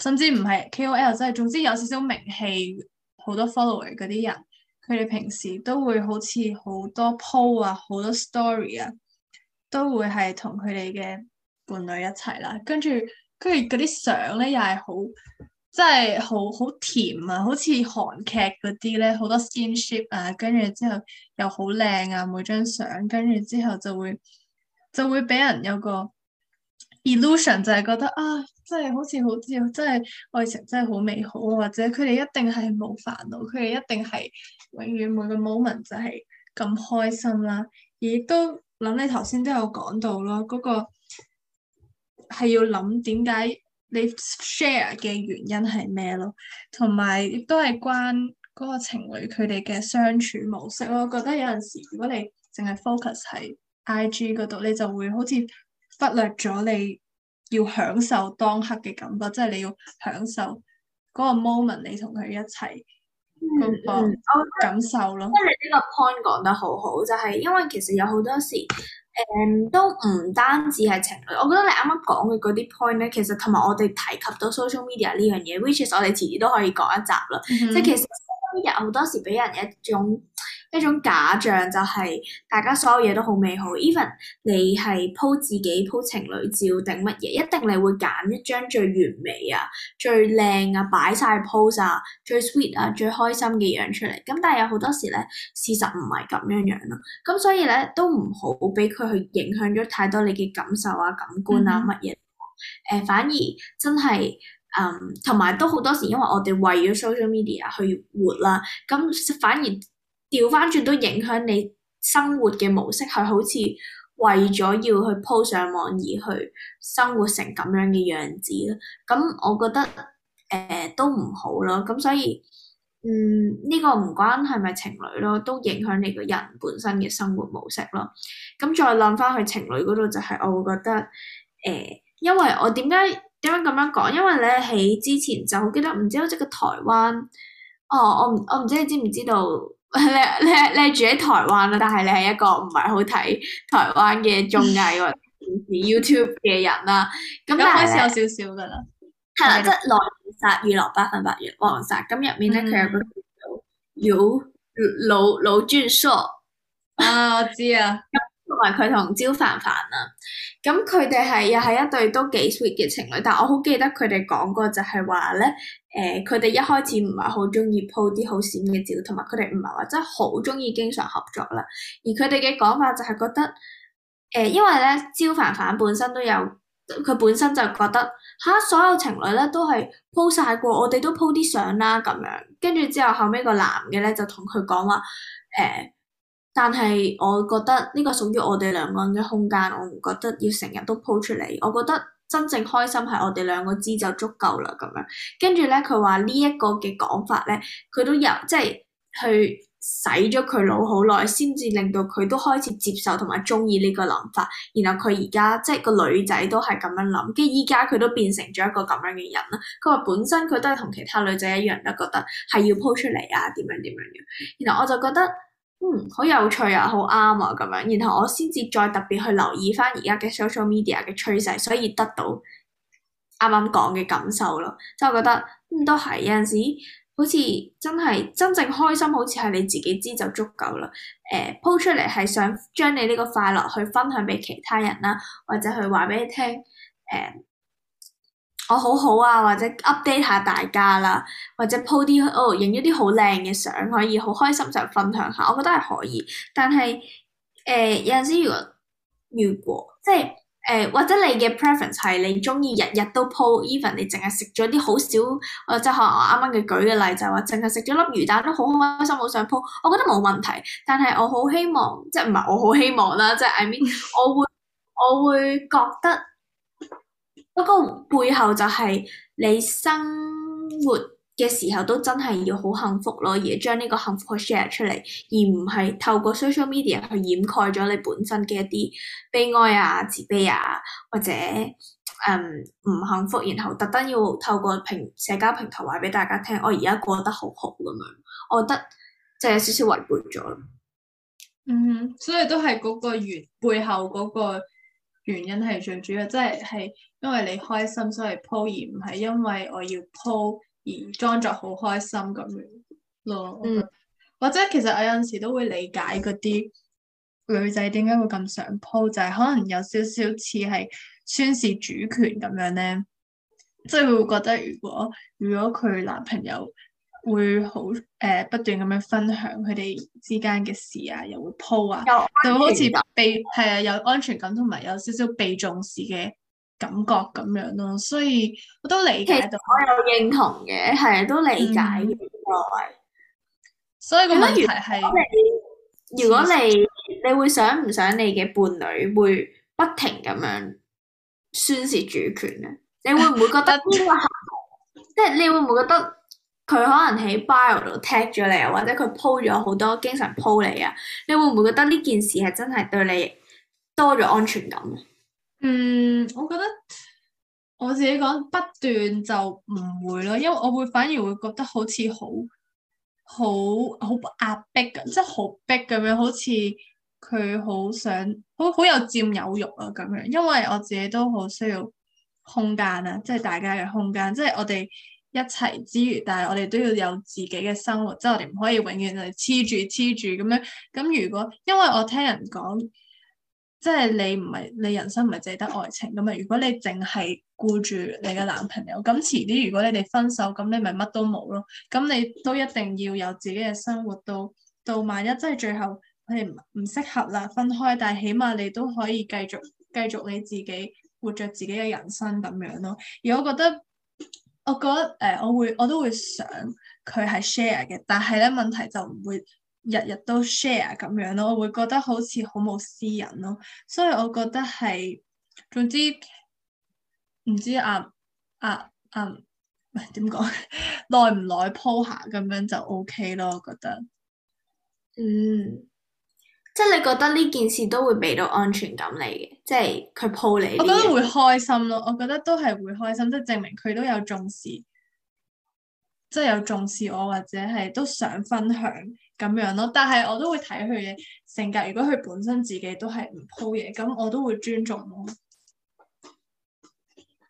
甚至唔係 K O L，即係總之有少少名氣好多 follower 嗰啲人，佢哋平時都會好似好多 po 啊，好多 story 啊，都會係同佢哋嘅伴侶一齊啦，跟住。跟住嗰啲相咧又係好，即係好好甜啊！好似韓劇嗰啲咧，好多 skinship 啊，跟住之後又好靚啊，每張相跟住之後就會就會俾人有個 illusion，就係覺得啊，真係好似好真係愛情真係好美好，啊。或者佢哋一定係冇煩惱，佢哋一定係永遠每個 moment 就係咁開心啦。亦都諗你頭先都有講到咯，嗰、嗰個。係要諗點解你 share 嘅原因係咩咯？同埋亦都係關嗰個情侶佢哋嘅相處模式咯。我覺得有陣時，如果你淨係 focus 喺 IG 度，你就會好似忽略咗你要享受當刻嘅感覺，即係你要享受嗰個 moment 你同佢一齊嗰個感受咯。即係呢個 point 講得好好，就係因為其實有好多時。誒，um, 都唔單止係情侶，我覺得你啱啱講嘅嗰啲 point 咧，其實同埋我哋提及到 social media 呢樣嘢，which is 我哋遲啲都可以講一集啦，即係、mm hmm. 其實 social media 好多時俾人一種。一種假象就係、是、大家所有嘢都好美好，even 你係 po 自己 po 情侶照定乜嘢，一定你會揀一張最完美啊、最靚啊、擺晒 pose 啊、最 sweet 啊、最開心嘅樣出嚟。咁但係有好多時咧，事實唔係咁樣樣咯。咁所以咧都唔好俾佢去影響咗太多你嘅感受啊、感官啊乜嘢。誒、嗯嗯呃，反而真係誒，同埋都好多時，因為我哋為咗 social media 去活啦，咁反而。調翻轉都影響你生活嘅模式，係好似為咗要去鋪上網而去生活成咁樣嘅樣子咯。咁我覺得誒、呃、都唔好咯。咁所以嗯呢、呢個唔關係咪情侶咯，都影響你個人本身嘅生活模式咯。咁再諗翻去情侶嗰度，就係、係、我會覺得誒、呃，因為我點解點樣咁樣講？因為咧喺之前就好記得唔知喺個台灣，哦我唔我唔知你知唔知道？你你你住喺台灣啦，但係你係一個唔係好睇台灣嘅綜藝 或者電視 YouTube 嘅人啦。咁開始有少少㗎啦。係啦是，即係、嗯《狼人是、嗯、殺》娛樂百分百《狼殺》咁入面咧，佢有個叫、嗯、老老老專叔。啊，我知啊，同埋佢同焦凡凡啊，咁佢哋係又係一對都幾 sweet 嘅情侶，但我好記得佢哋講過就係話咧。誒，佢哋、呃、一開始唔係好中意 po 啲好閃嘅照，同埋佢哋唔係話真係好中意經常合作啦。而佢哋嘅講法就係覺得，誒、呃，因為咧，焦凡凡本身都有，佢本身就覺得吓，所有情侶咧都係 po 晒曬過，我哋都 po 啲相啦咁樣。跟住之後，後尾個男嘅咧就同佢講話，誒、呃，但係我覺得呢個屬於我哋兩個人嘅空間，我唔覺得要成日都 po 出嚟。我覺得。真正開心係我哋兩個知就足夠啦咁樣，跟住咧佢話呢一個嘅講法咧，佢都有即係去洗咗佢腦好耐，先至令到佢都開始接受同埋中意呢個諗法。然後佢而家即係個女仔都係咁樣諗，跟住依家佢都變成咗一個咁樣嘅人啦。佢話本身佢都係同其他女仔一樣都覺得係要 po 出嚟啊，點樣點樣樣。然後我就覺得。嗯，好有趣啊，好啱啊，咁樣，然後我先至再特別去留意翻，而家嘅 social media 嘅趨勢，所以得到啱啱講嘅感受咯，即係我覺得咁、嗯、都係有陣時好，好似真係真正開心，好似係你自己知就足夠啦。誒、呃、po 出嚟係想將你呢個快樂去分享俾其他人啦，或者去話俾你聽，誒、呃。我、哦、好好啊，或者 update 下大家啦，或者 po 啲哦，影咗啲好靚嘅相，可以好開心就分享下，我覺得係可以。但係誒、呃，有陣時如果如果即係誒、呃，或者你嘅 preference 係你中意日日都 po，even 你淨係食咗啲好少，誒即係可能我啱啱嘅舉嘅例就係話淨係食咗粒魚蛋都好開心鋪，好想 po，我覺得冇問題。但係我好希望，即係唔係我好希望啦，即係 I mean，我會我會覺得。不過背後就係你生活嘅時候都真係要好幸福咯，而將呢個幸福去 share 出嚟，而唔係透過 social media 去掩蓋咗你本身嘅一啲悲哀啊、自卑啊，或者誒唔、嗯、幸福，然後特登要透過平社交平台話俾大家聽，我而家過得好好咁樣，我覺得就有少少違背咗咯。嗯哼，所以都係嗰個原背後嗰、嗰個。原因係最主要，即係係因為你開心所以 po，而唔係因為我要 po 而裝作好開心咁樣咯。嗯，或者其實我有陣時都會理解嗰啲女仔點解會咁想 po 就係可能有少少似係宣示主權咁樣咧，即係會覺得如果如果佢男朋友。會好誒、呃，不斷咁樣分享佢哋之間嘅事啊，又會 po 啊，就好似被係啊、嗯，有安全感同埋有少少被重視嘅感覺咁樣咯、啊。所以我都理解到我有認同嘅，係啊，都理解原來。嗯、所以個問題係，如果你如果你，你會想唔想你嘅伴侶會不停咁樣宣泄主權咧？你會唔會覺得邊個、即係、 你會唔會覺得？佢可能喺 bio 度 tag 咗你啊，或者佢 po 咗好多，經常 po 你啊，你會唔會覺得呢件事係真係對你多咗安全感？嗯，我覺得我自己講不斷就唔會咯，因為我會反而會覺得好似好好好壓迫嘅，即係好逼咁樣，好似佢好想好好有佔有慾啊咁樣，因為我自己都好需要空間啊，即係大家嘅空間，即係我哋。一齊之餘，但係我哋都要有自己嘅生活，即係我哋唔可以永遠係黐住黐住咁樣。咁如果因為我聽人講，即係你唔係你人生唔係淨得愛情咁啊！如果你淨係顧住你嘅男朋友，咁遲啲如果你哋分手，咁你咪乜都冇咯。咁你都一定要有自己嘅生活到，到到萬一即係最後你唔唔適合啦，分開，但係起碼你都可以繼續繼續你自己活着自己嘅人生咁樣咯。而我覺得。我覺得誒、呃，我會我都會想佢係 share 嘅，但係咧問題就唔會日日都 share 咁樣咯，我會覺得好似好冇私隱咯，所以我覺得係總之唔知啊啊啊，唔係點講耐唔耐鋪下咁樣就 OK 咯，我覺得嗯。即係你覺得呢件事都會俾到安全感你嘅，即係佢鋪你。我覺得會開心咯，我覺得都係會開心，即係證明佢都有重視，即係有重視我或者係都想分享咁樣咯。但係我都會睇佢嘅性格，如果佢本身自己都係唔鋪嘢，咁我都會尊重咯。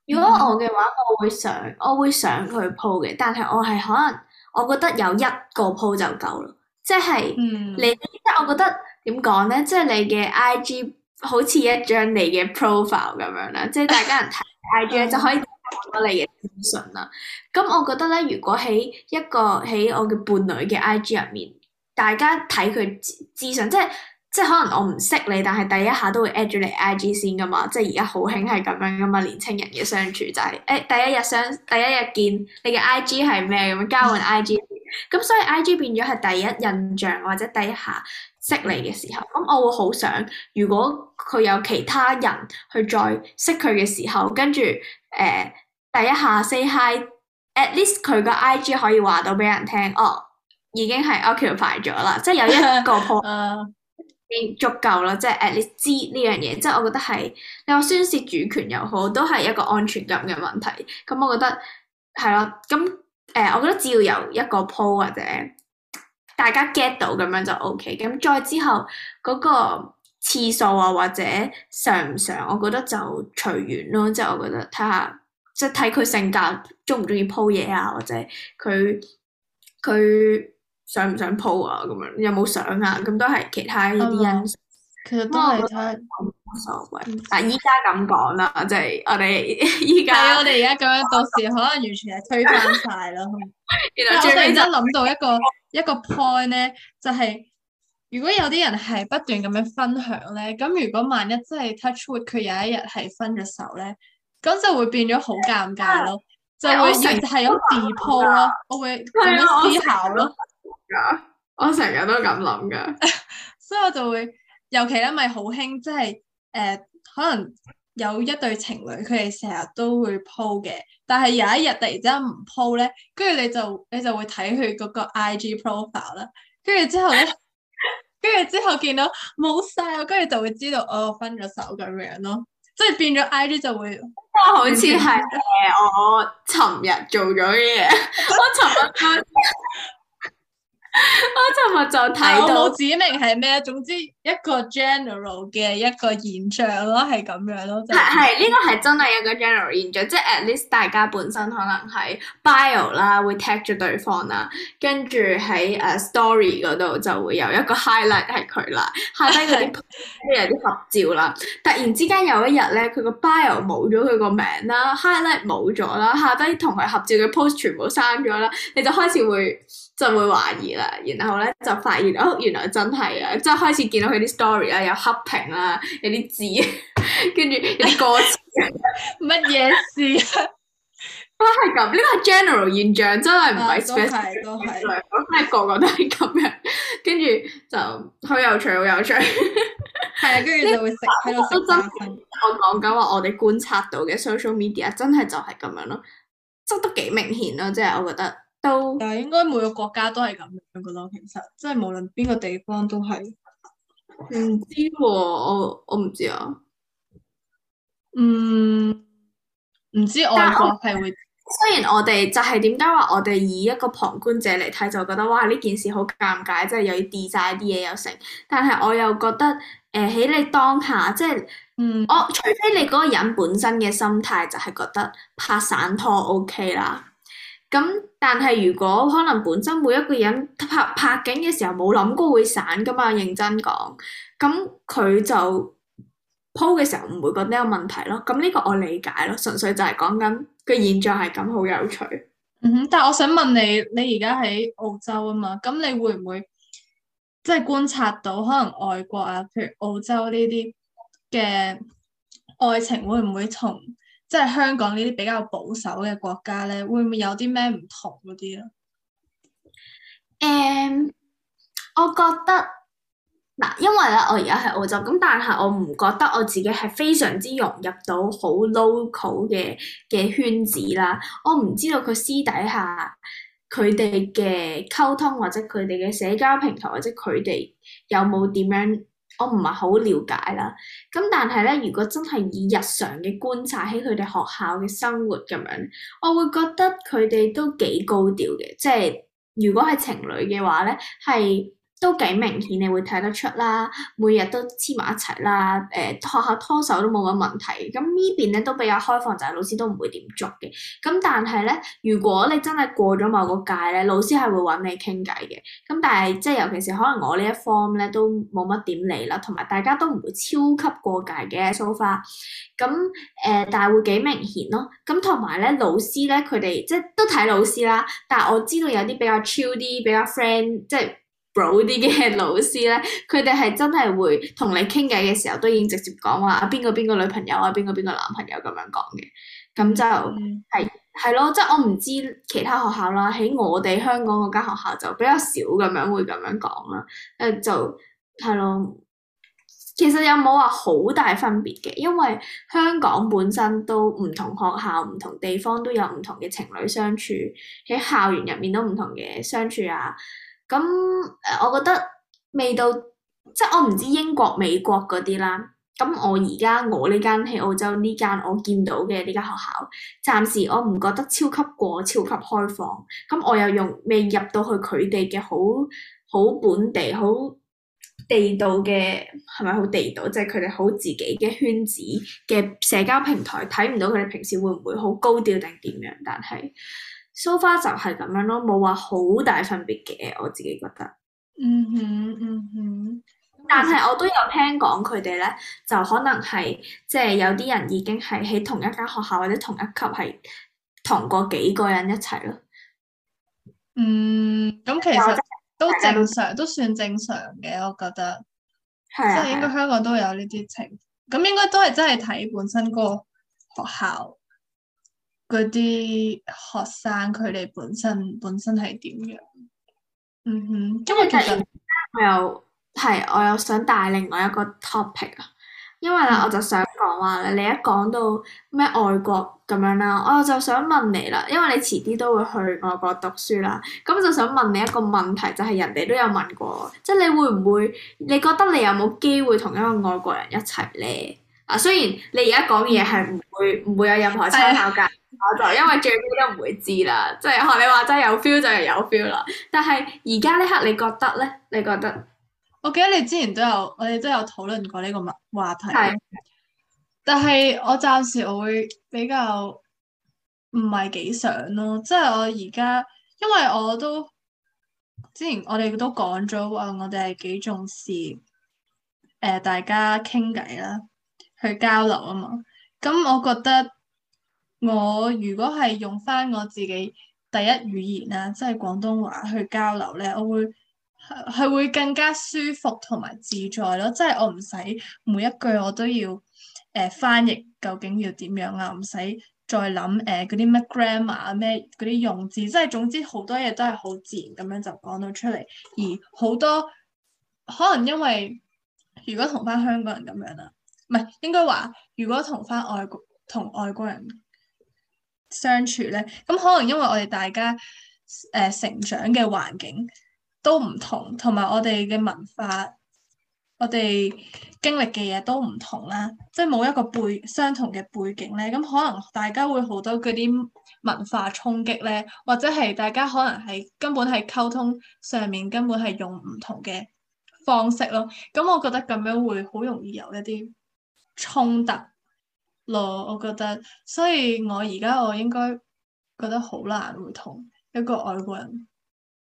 如果我嘅話，我會想，我會想佢鋪嘅，但係我係可能，我覺得有一個鋪就夠啦，即係你，即係，嗯，我覺得。點講咧？即係、就是、你嘅 I G 好似一張你嘅 profile 咁樣啦，即、就、係、是、大家人睇 I G 就可以睇到你嘅資訊啦。咁我覺得咧，如果喺一個喺我嘅伴侶嘅 I G 入面，大家睇佢資訊，即係即係可能我唔識你，但係第一下都會 at 住你 I G 先噶嘛。即係而家好興係咁樣噶嘛，年青人嘅相處就係、是、誒、欸、第一日相，第一日見你嘅 I G 係咩咁樣，交換 I G。咁所以 I G 變咗係第一印象或者第一下。識你嘅時候，咁我會好想，如果佢有其他人去再識佢嘅時候，跟住誒、呃、第一下 say hi，at least 佢個 IG 可以話到俾人聽，哦，已經係 occupy 咗啦，即係有一個 po 已經足夠啦， 即係 at least 知呢樣嘢，即係我覺得係你話宣示主權又好，都係一個安全感嘅問題。咁、嗯、我覺得係咯，咁、嗯、誒、嗯嗯，我覺得只要有一個 po 或者。大家 get 到咁樣就 OK，咁再之後嗰、那個次數啊或者上唔上，我覺得就隨緣咯，即係我覺得睇下即係睇佢性格鍾唔鍾意鋪嘢啊，或者佢佢想唔想鋪啊，咁樣有冇相啊，咁都係其他一啲因素。Yeah. 其實都係睇，冇所謂。嗱，依家咁講啦，即係我哋依家，我哋而家咁樣，到時可能完全係推翻晒咯。我突然間諗到一個 一個 point 咧，就係、是、如果有啲人係不斷咁樣分享咧，咁如果萬一真係 touch wood，佢有一日係分咗手咧，咁 就會變咗好尷尬咯，就會成日係咁 depolar，我會咁樣思考咯。噶，我成日都咁諗噶，所以我就會。尤其咧咪好興，即係誒、呃、可能有一對情侶，佢哋成日都會 po 嘅，但係有一日突然之間唔 po 咧，跟住你就你就會睇佢嗰個 IG profile 啦，跟住之後咧，跟住 之後見到冇曬，跟住就會知道哦分咗手咁樣咯，即係變咗 IG 就會不，好似係誒我尋日做咗嘢，我尋日我尋日就睇到，我冇指明係咩，總之一個 general 嘅一個現象咯，係咁樣咯。係係呢個係真係一個 general 現象，即係 at least 大家本身可能係 bio 啦，會 tag 住對方啦，跟住喺誒 story 嗰度就會有一個 highlight 係佢啦，下低嗰啲即係啲合照啦。突然之間有一日咧，佢個 bio 冇咗佢個名啦，highlight 冇咗啦，下低同佢合照嘅 post 全部刪咗啦，你就開始會。就會懷疑啦，然後咧，就發現哦，原來真係啊，即係開始見到佢啲 story 啦，有黑屏啦，有啲字，跟住有啲歌詞，乜嘢事啊？ 都係咁，呢、這個係 general 現象，真係唔係 special、啊、都係都係，咁咩個個都係咁樣，跟住就好有趣，好有趣。係啊，跟住就會發喺度食咖啡。我講緊話，我哋觀察到嘅 social media 真係就係咁樣咯，即係都幾明顯咯，即係我覺得。都但係應該每個國家都係咁樣噶咯，其實即係無論邊個地方都係唔知喎、啊，我我唔知啊。嗯，唔知但外國係會。雖然我哋就係點解話我哋以一個旁觀者嚟睇，就覺得哇，呢件事好尷尬，即係又要 design 啲嘢又成。但係我又覺得誒喺、呃、你當下即係，就是、嗯、我、哦、除非你嗰個人本身嘅心態就係覺得拍散拖 OK 啦。咁，但係如果可能本身每一個人拍拍景嘅時候冇諗過會散㗎嘛，認真講。咁佢就鋪嘅時候唔會覺得有問題咯。咁呢個我理解咯，純粹就係講緊個現象係咁，好有趣。嗯哼，但係我想問你，你而家喺澳洲啊嘛？咁你會唔會即係、就是、觀察到可能外國啊，譬如澳洲呢啲嘅愛情會唔會從？即係香港呢啲比較保守嘅國家咧，會唔會有啲咩唔同嗰啲啊？誒，um, 我覺得嗱，因為咧，我而家喺澳洲，咁但係我唔覺得我自己係非常之融入到好 local 嘅嘅圈子啦。我唔知道佢私底下佢哋嘅溝通，或者佢哋嘅社交平台，或者佢哋有冇點樣？我唔係好了解啦，咁但係咧，如果真係以日常嘅觀察喺佢哋學校嘅生活咁樣，我會覺得佢哋都幾高調嘅，即係如果係情侶嘅話咧，係。都幾明顯，你會睇得出啦。每日都黐埋一齊啦，誒、呃，學校拖手都冇乜問題。咁呢邊咧都比較開放，就係、是、老師都唔會點捉嘅。咁但係咧，如果你真係過咗某個界咧，老師係會揾你傾偈嘅。咁但係即係尤其是可能我呢一方 o 咧都冇乜點理啦，同埋大家都唔會超級過界嘅 so far。咁、呃、誒，但係會幾明顯咯。咁同埋咧，老師咧佢哋即係都睇老師啦，但係我知道有啲比較 chill 啲，比較 friend 即係。pro 啲嘅老師咧，佢哋係真係會同你傾偈嘅時候，都已經直接講話邊個邊個女朋友啊，邊個邊個男朋友咁樣講嘅。咁就係係咯，即係、嗯就是、我唔知其他學校啦。喺我哋香港嗰間學校就比較少咁樣會咁樣講啦。誒就係咯，其實有冇話好大分別嘅？因為香港本身都唔同學校、唔同地方都有唔同嘅情侶相處喺校園入面都唔同嘅相處啊。咁誒，我覺得未到，即係我唔知英國、美國嗰啲啦。咁我而家我呢間喺澳洲呢間我見到嘅呢間學校，暫時我唔覺得超級過、超級開放。咁我又用未入到去佢哋嘅好好本地好地道嘅係咪好地道？即係佢哋好自己嘅圈子嘅社交平台，睇唔到佢哋平時會唔會好高調定點樣？但係。so far 就係咁樣咯，冇話好大分別嘅，我自己覺得。嗯哼，嗯哼。但係我都有聽講佢哋咧，就可能係即係有啲人已經係喺同一間學校或者同一級係同過幾個人一齊咯。嗯，咁其實都正常，都算正常嘅，我覺得。係即係應該香港都有呢啲情況，咁應該都係真係睇本身個學校。嗰啲學生佢哋本身本身係點樣？嗯哼，嗯嗯，因為最近我又係我又想帶另外一個 topic 啊，因為啦，嗯、我就想講話你一講到咩外國咁樣啦，我就想問你啦，因為你遲啲都會去外國讀書啦，咁就想問你一個問題，就係、是、人哋都有問過，即、就、係、是、你會唔會你覺得你有冇機會同一個外國人一齊咧？啊，雖然你而家講嘢係唔會唔、嗯、會有任何參考噶。就 因為最尾都唔會知啦，即係學你話齋有 feel 就係有 feel 啦。但係而家呢刻你覺得咧？你覺得？我記得你之前都有，我哋都有討論過呢個物話題。的但係我暫時我會比較唔係幾想咯，即係我而家因為我都之前我哋都講咗話，我哋係幾重視誒大家傾偈啦，去交流啊嘛。咁我覺得。我如果係用翻我自己第一語言啊，即係廣東話去交流咧，我會係會更加舒服同埋自在咯。即係我唔使每一句我都要誒、呃、翻譯，究竟要點樣啊？唔使再諗誒嗰啲乜 grammar 啊，咩嗰啲用字，即係總之好多嘢都係好自然咁樣就講到出嚟。而好多可能因為如果同翻香港人咁樣啦，唔係應該話如果同翻外國同外國人。相處咧，咁可能因為我哋大家誒、呃、成長嘅環境都唔同，同埋我哋嘅文化，我哋經歷嘅嘢都唔同啦，即係冇一個背相同嘅背景咧，咁可能大家會好多嗰啲文化衝擊咧，或者係大家可能係根本係溝通上面根本係用唔同嘅方式咯，咁我覺得咁樣會好容易有一啲衝突。咯、嗯，我覺得，所以我而家我應該覺得好難會同一個外國人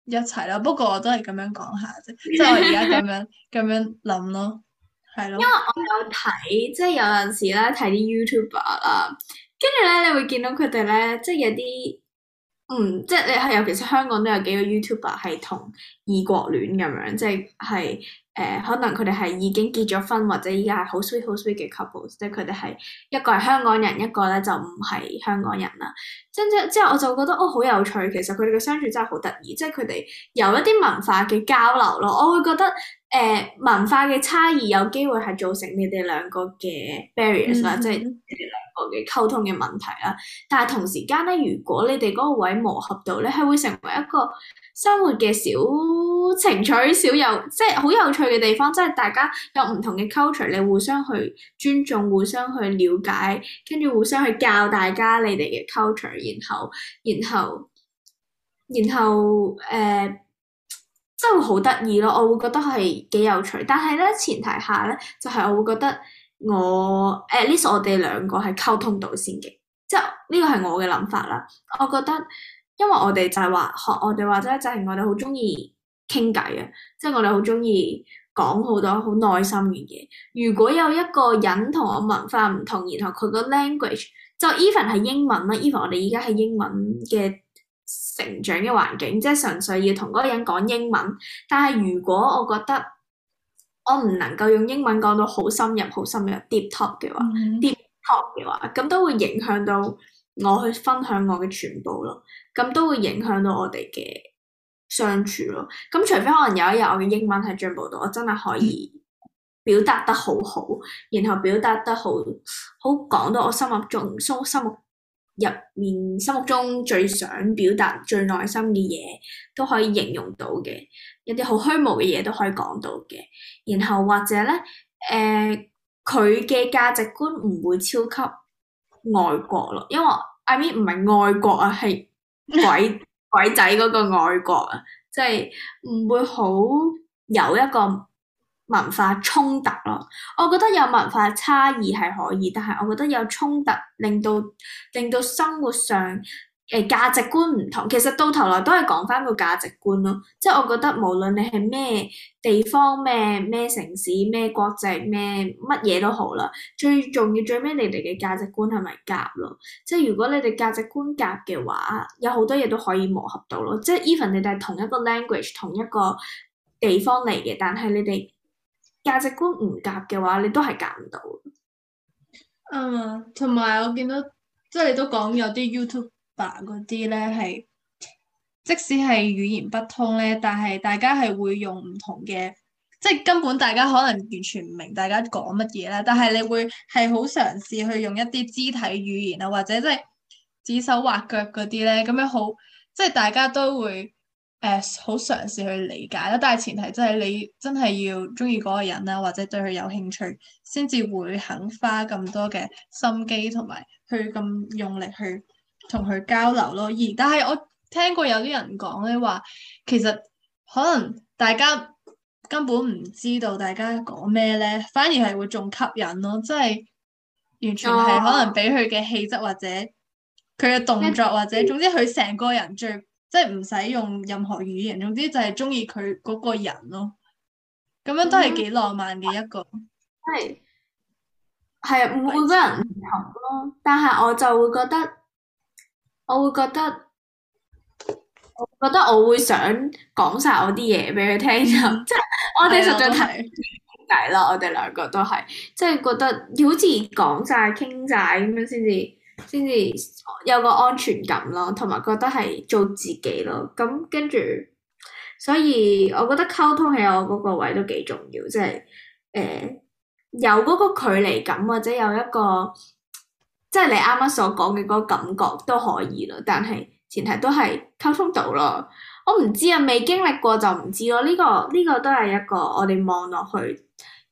一齊啦。不過我都係咁樣講下啫，即係我而家咁樣咁 樣諗咯，係咯。因為我有睇，即係有陣時咧睇啲 YouTuber 啦，跟住咧你會見到佢哋咧，即係有啲嗯，即係你係尤其是香港都有幾個 YouTuber 係同異國戀咁樣，即係係。誒，uh, 可能佢哋係已經結咗婚，或者依家係好 sweet 好 sweet 嘅 couple，即係佢哋係一個係香港人，一個咧就唔係香港人啦。即係之後我就覺得哦，好有趣，其實佢哋嘅相處真係好得意，即係佢哋有一啲文化嘅交流咯。我會覺得誒、呃、文化嘅差異有機會係造成你哋兩個嘅 barriers 啦、嗯，即係。嘅溝通嘅問題啦，但係同時間咧，如果你哋嗰個位磨合到咧，係會成為一個生活嘅小情趣、小有即係好有趣嘅地方。即係大家有唔同嘅 culture，你互相去尊重、互相去了解，跟住互相去教大家你哋嘅 culture，然後，然後，然後誒、呃，真係會好得意咯！我會覺得係幾有趣，但係咧前提下咧，就係、是、我會覺得。我 at least 我哋兩個係溝通到先嘅，即係呢個係我嘅諗法啦。我覺得，因為我哋就係話學，我哋話即係即係我哋好中意傾偈啊，即係我哋好中意講好多好內心嘅嘢。如果有一個人同我文化唔同，然後佢個 language 就 even 係英文啦，even 我哋而家係英文嘅成長嘅環境，即係純粹要同嗰個人講英文。但係如果我覺得，我唔能夠用英文講到好深入、好深入、deep talk 嘅話、mm hmm.，deep talk 嘅話，咁都會影響到我去分享我嘅全部咯，咁都會影響到我哋嘅相處咯。咁除非可能有一日我嘅英文係進步到，我真係可以表達得好好，然後表達得好好，講到我心目中、心、心目入面、心目中最想表達、最內心嘅嘢，都可以形容到嘅。有啲好虛無嘅嘢都可以講到嘅，然後或者咧，誒佢嘅價值觀唔會超級外國咯，因為 I mean 唔係外國啊，係鬼鬼仔嗰個外國啊，即係唔會好有一個文化衝突咯。我覺得有文化差異係可以，但係我覺得有衝突令到令到，令到生活上。誒、欸、價值觀唔同，其實到頭來都係講翻個價值觀咯。即係我覺得，無論你係咩地方、咩咩城市、咩國籍、咩乜嘢都好啦，最重要最尾你哋嘅價值觀係咪夾咯？即係如果你哋價值觀夾嘅話，有好多嘢都可以磨合到咯。即係 even 你哋係同一個 language、同一個地方嚟嘅，但係你哋價值觀唔夾嘅話，你都係夾唔到。啱啊，同埋我見到，即係你都講有啲 YouTube。嗰啲咧係即使係語言不通咧，但係大家係會用唔同嘅，即係根本大家可能完全唔明大家講乜嘢咧。但係你會係好嘗試去用一啲肢體語言啊，或者即係指手畫腳嗰啲咧，咁樣好，即係大家都會誒好嘗試去理解咯。但係前提即係你真係要中意嗰個人啦，或者對佢有興趣，先至會肯花咁多嘅心機同埋去咁用力去。同佢交流咯，而但係我聽過有啲人講咧話，其實可能大家根本唔知道大家講咩咧，反而係會仲吸引咯，即係完全係可能俾佢嘅氣質或者佢嘅動作或者總之佢成個人最即係唔使用任何語言，總之就係中意佢嗰個人咯。咁樣都係幾浪漫嘅一個、嗯，即係係好多人唔同咯，但係我就會覺得。我會覺得，我覺得我會想講晒我啲嘢俾佢聽，就即係我哋實在太傾偈啦。 我哋兩個都係，即係覺得要好似講晒傾晒咁樣先至，先至有個安全感咯，同埋覺得係做自己咯。咁跟住，所以我覺得溝通喺我嗰個位都幾重要，即係誒有嗰個距離感或者有一個。即係你啱啱所講嘅嗰個感覺都可以咯，但係前提都係溝通到咯。我唔知啊，未經歷過就唔知咯。呢個呢個都係一個我哋望落去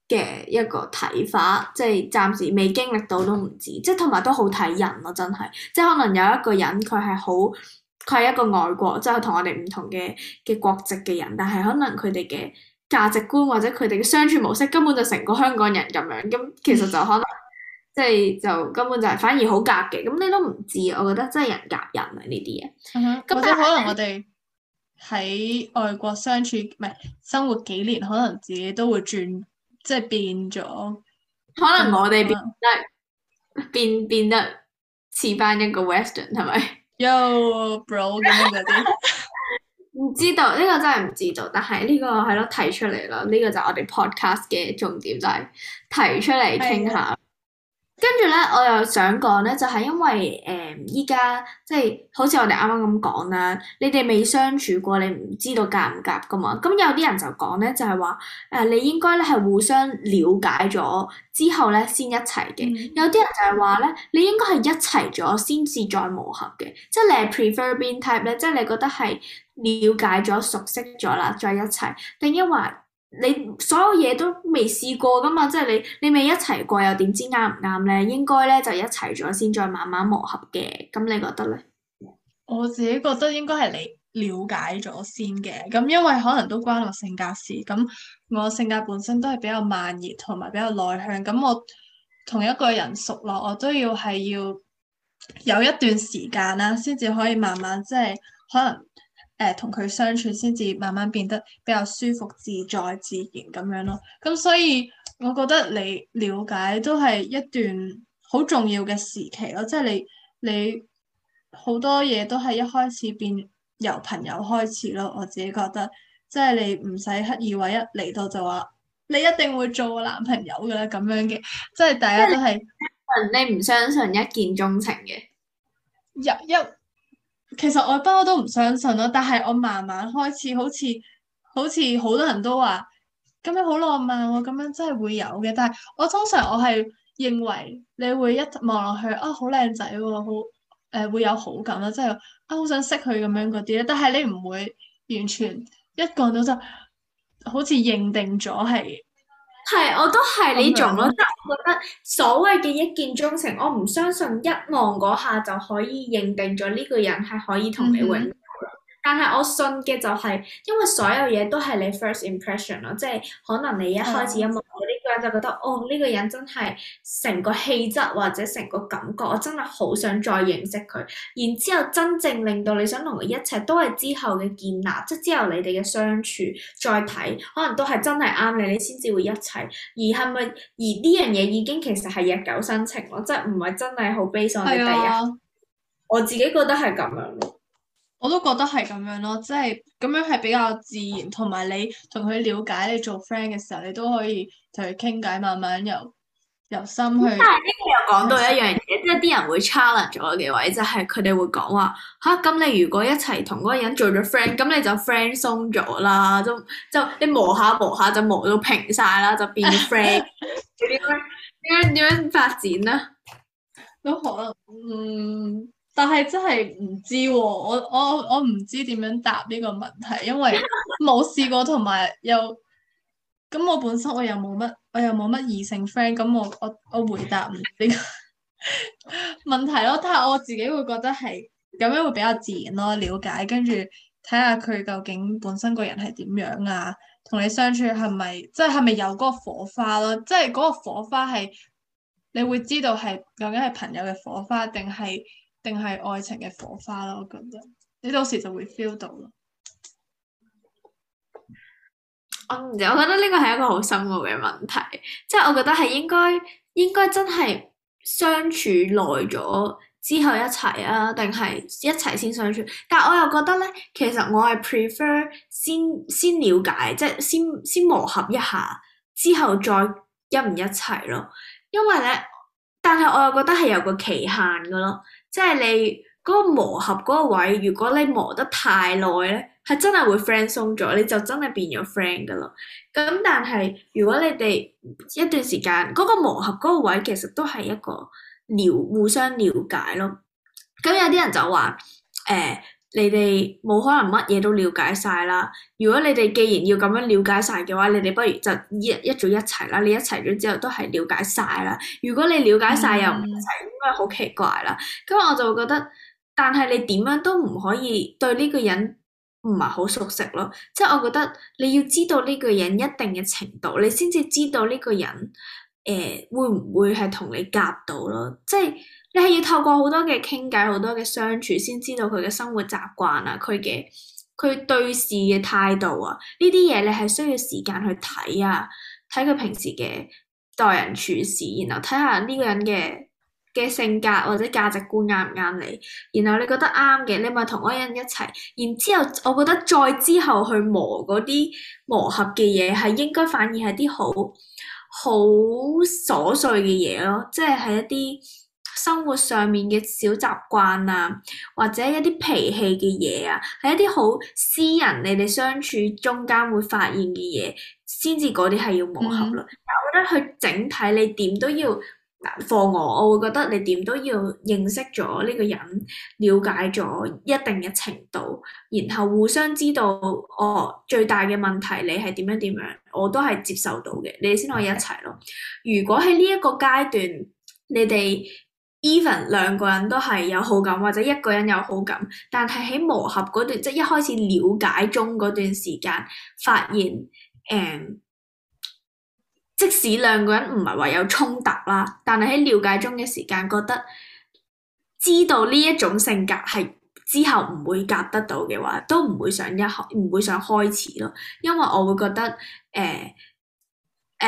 嘅一個睇法，即係暫時未經歷到都唔知。即係同埋都好睇人咯，啊，真係。即係可能有一個人佢係好，佢係一個外國，即係同我哋唔同嘅嘅國籍嘅人，但係可能佢哋嘅價值觀或者佢哋嘅相處模式根本就成個香港人咁樣，咁其實就可能、嗯。即係就根本就係反而好夾嘅，咁你都唔知，我覺得真係人夾人啊，呢啲嘢，嗯、是或即可能我哋喺外國相處唔係生活幾年，可能自己都會轉即係變咗。可能我哋變得，係、嗯、變變得似翻一個 Western 係咪 y Yo , bro 咁，嗰啲唔知道呢、呢個真係唔知道，但係呢、呢個係咯、呢個就係、提出嚟啦，呢個就係我哋 podcast 嘅重點就係提出嚟傾下。跟住咧，我又想講咧，就係因為誒依家即係好似我哋啱啱咁講啦，你哋未相處過，你唔知道夾唔夾噶嘛？咁有啲人就講咧，就係話誒，你應該咧係互相了解咗之後咧先一齊嘅。嗯、有啲人就係話咧，你應該係一齊咗先至再磨合嘅。即係你 prefer 邊 type 咧？即係你覺得係了解咗熟悉咗啦，再一齊。定抑或。你所有嘢都未試過噶嘛？即係你你未一齊過又點知啱唔啱咧？應該咧就一齊咗先再慢慢磨合嘅。咁你覺得咧？我自己覺得應該係你了解咗先嘅。咁因為可能都關我性格事。咁我性格本身都係比較慢熱同埋比較內向。咁我同一個人熟落，我都要係要有一段時間啦，先至可以慢慢即係可能。誒同佢相處先至慢慢變得比較舒服自在自然咁樣咯，咁所以我覺得你了解都係一段好重要嘅時期咯，即係你你好多嘢都係一開始變由朋友開始咯，我自己覺得，即係你唔使刻意話一嚟到就話你一定會做我男朋友嘅啦咁樣嘅，即係大家都係，你唔相信一見鍾情嘅？入一。其實我不嬲都唔相信咯，但係我慢慢開始好似好似好多人都話咁樣好浪漫喎，咁樣真係會有嘅。但係我通常我係認為你會一望落去啊，好、哦、靚仔喎、哦，好誒、呃、會有好感啦，即係啊好想識佢咁樣嗰啲咧。但係你唔會完全一講到就好似認定咗係。係，我都係呢種咯，即係、mm hmm. 我覺得所謂嘅一見鍾情，我唔相信一望嗰下就可以認定咗呢個人係可以同你永，mm hmm. 但係我信嘅就係、是，因為所有嘢都係你 first impression 咯，即係可能你一開始一望。Mm hmm. 就覺得哦，呢、這個人真係成個氣質或者成個感覺，我真係好想再認識佢。然之後真正令到你想同佢一齊，都係之後嘅建立，即、就、係、是、之後你哋嘅相處再睇，可能都係真係啱你，你先至會一齊。而係咪而呢樣嘢已經其實係日久生情咯？即係唔係真係好悲傷嘅第一？啊、我自己覺得係咁樣。我都覺得係咁樣咯，即係咁樣係比較自然，同埋你同佢了解你做 friend 嘅時候，你都可以同佢傾偈，慢慢由由心去。但係呢個又講到一樣嘢，即係啲人會 challenge 咗我嘅位，就係佢哋會講話吓，咁、啊、你如果一齊同嗰個人做咗 friend，咁你就 friend 鬆咗啦，都就，就你磨下磨下就磨到平晒啦，就變 friend。點 樣點樣，樣發展呢？都可能嗯。但係真係唔知喎、哦，我我我唔知點樣答呢個問題，因為冇試過，同埋又咁我本身我又冇乜，我又冇乜異性 friend，咁我我我回答唔呢個 問題咯。但係我自己會覺得係咁樣會比較自然咯，了解跟住，睇下佢究竟本身個人係點樣啊，同你相處係咪即係係咪有嗰個火花咯？即係嗰個火花係你會知道係究竟係朋友嘅火花定係？定係愛情嘅火花咯，我覺得你到時就會 feel 到咯。我唔知，我覺得呢個係一個好深奧嘅問題，即係我覺得係應該應該真係相處耐咗之後一齊啊，定係一齊先相處？但係我又覺得咧，其實我係 prefer 先先了解，即係先先磨合一下之後再一唔一齊咯。因為咧，但係我又覺得係有個期限嘅咯。即係你個磨合嗰個位，如果你磨得太耐咧，係真係會 friend 鬆咗，你就真係變咗 friend 噶啦。咁但係如果你哋一段時間嗰個磨合嗰個位，其實都係一個了互相了解咯。咁有啲人就話誒。呃你哋冇可能乜嘢都了解晒啦。如果你哋既然要咁樣了解晒嘅話，你哋不如就一一早一齊啦。你一齊咗之後都係了解晒啦。如果你了解晒又唔一齊，嗯、應該好奇怪啦。咁我就覺得，但係你點樣都唔可以對呢個人唔係好熟悉咯。即係我覺得你要知道呢個人一定嘅程度，你先至知道呢個人誒、呃、會唔會係同你夾到咯。即係。你係要透過好多嘅傾偈，好多嘅相處，先知道佢嘅生活習慣啊，佢嘅佢對事嘅態度啊，呢啲嘢你係需要時間去睇啊，睇佢平時嘅待人處事，然後睇下呢個人嘅嘅性格或者價值觀啱唔啱你，然後你覺得啱嘅，你咪同嗰人一齊，然之後我覺得再之後去磨嗰啲磨合嘅嘢，係應該反而係啲好好瑣碎嘅嘢咯，即係係一啲。生活上面嘅小習慣啊，或者一啲脾氣嘅嘢啊，係一啲好私人，你哋相處中間會發現嘅嘢，先至嗰啲係要磨合咯。但、嗯、我覺得佢整體，你點都要放我，我會覺得你點都要認識咗呢個人，了解咗一定嘅程度，然後互相知道我、哦、最大嘅問題，你係點樣點樣，我都係接受到嘅，你哋先可以一齊咯。如果喺呢一個階段，你哋。Even 兩個人都係有好感，或者一個人有好感，但係喺磨合嗰段，即係一開始了解中嗰段時間，發現誒、嗯，即使兩個人唔係話有衝突啦，但係喺了解中嘅時間，覺得知道呢一種性格係之後唔會夾得到嘅話，都唔會想一開，唔會想開始咯，因為我會覺得誒誒。呃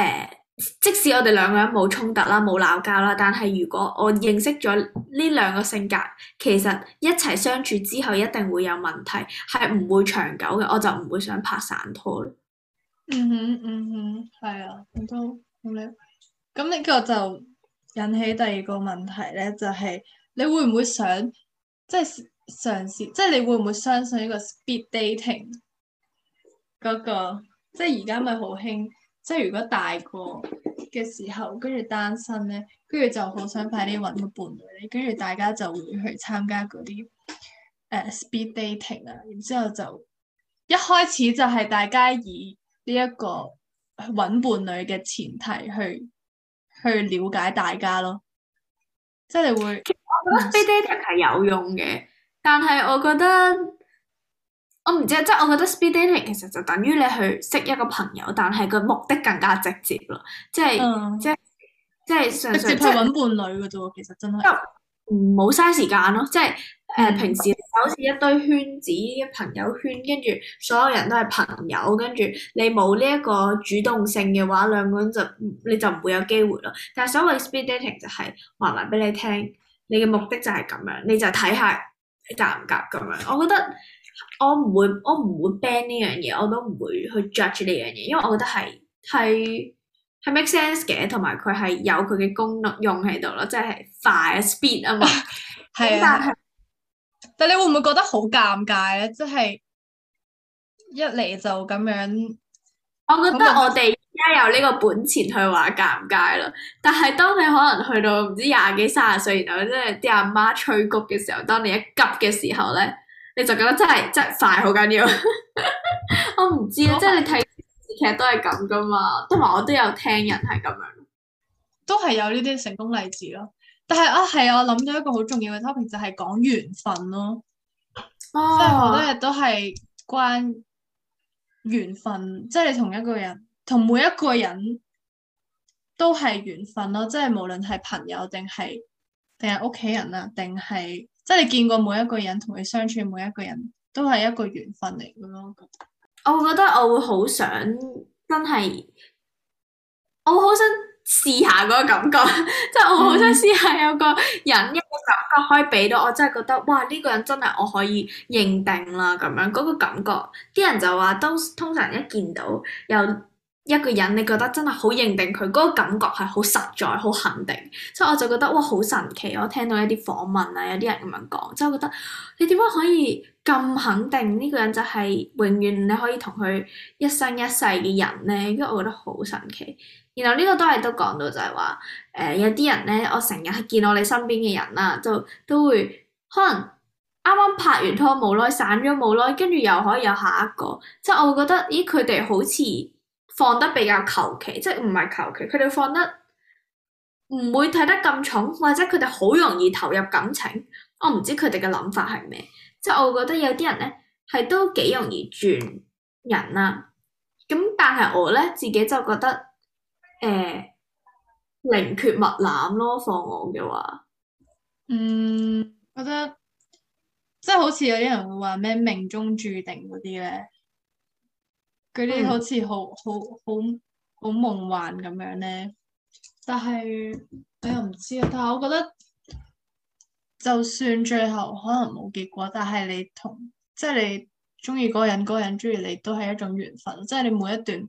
呃即使我哋兩個人冇衝突啦，冇鬧交啦，但係如果我認識咗呢兩個性格，其實一齊相處之後一定會有問題，係唔會長久嘅，我就唔會想拍散拖。嗯哼，嗯哼，係啊，我都好你，咁呢個就引起第二個問題咧，就係你會唔會想即係嘗試，即係你會唔會相信呢個 speed dating 嗰個，即係而家咪好興。即係如果大個嘅時候，跟住單身咧，跟住就好想快啲揾個伴侶咧，跟住大家就會去參加嗰啲誒 speed dating 啊，然之後就一開始就係大家以呢一個揾伴侶嘅前提去去了解大家咯，即係你會，我覺得 speed dating 係、嗯、有用嘅，但係我覺得。我唔知，即係我覺得 speed dating 其實就等於你去識一個朋友，但係個目的更加直接咯，即係、嗯、即係即係純粹即係搵伴侶嘅啫，其實真係，唔好嘥時間咯，即係誒、呃、平時好似一堆圈子、朋友圈，跟住所有人都係朋友，跟住你冇呢一個主動性嘅話，兩個人就你就唔會有機會咯。但係所謂 speed dating 就係話埋俾你聽，你嘅目的就係咁樣，你就睇下你夾唔夾咁樣。我覺得。我唔會，我唔會 ban 呢樣嘢，我都唔會去 judge 呢樣嘢，因為我覺得係係係 make sense 嘅，同埋佢係有佢嘅功能用喺度咯，即係快 speed 啊嘛。係，但係但你會唔會覺得好尷尬咧？即係一嚟就咁樣，我覺得我哋而家有呢個本錢去話尷尬咯。但係當你可能去到唔知廿幾卅歲，然後即係啲阿媽催谷嘅時候，當你一急嘅時候咧。你就覺得真係、嗯、真係快，好緊要。 我唔知啊，嗯、即係你睇劇都係咁噶嘛，同埋我都有聽人係咁樣，都係有呢啲成功例子咯。但係啊，係啊，我諗到一個好重要嘅 topic 就係講緣分咯，啊、即係好多嘢都係關緣分，即係你同一個人，同每一個人都係緣分咯，即係無論係朋友定係定係屋企人啊，定係。即係你見過每一個人，同佢相處每一個人都係一個緣分嚟嘅咯。我覺得我，我覺得我會好想真係，我好想試下嗰個感覺。即係我好想試下有個人有一個感覺可以俾到我，我真係覺得哇！呢、這個人真係我可以認定啦，咁樣嗰、那個感覺。啲人就話都通常一見到又。一個人你覺得真係好認定佢嗰個感覺係好實在、好肯定，所以我就覺得哇好神奇。我聽到一啲訪問啊，有啲人咁樣講，即係我覺得你點解可以咁肯定呢個人就係永遠你可以同佢一生一世嘅人咧？因為我覺得好神奇。然後呢個都係都講到就係話誒，有啲人咧，我成日見到你身邊嘅人啦，就都會可能啱啱拍完拖，冇耐散咗，冇耐跟住又可以有下一個，即係我會覺得咦，佢哋好似～放得比較求其，即係唔係求其，佢哋放得唔會睇得咁重，或者佢哋好容易投入感情。我唔知佢哋嘅諗法係咩，即係我覺得有啲人咧係都幾容易轉人啦、啊。咁但係我咧自己就覺得誒寧、欸、缺勿濫咯，放我嘅話，嗯，我覺得即係、就是、好似有啲人會話咩命中注定嗰啲咧。佢哋好似、嗯、好好好好夢幻咁樣咧，但係你又唔知啊。但係我覺得，就算最後可能冇結果，但係你同即係、就是、你中意嗰個人，嗰、那個、人中意你，都係一種緣分。即、就、係、是、你每一段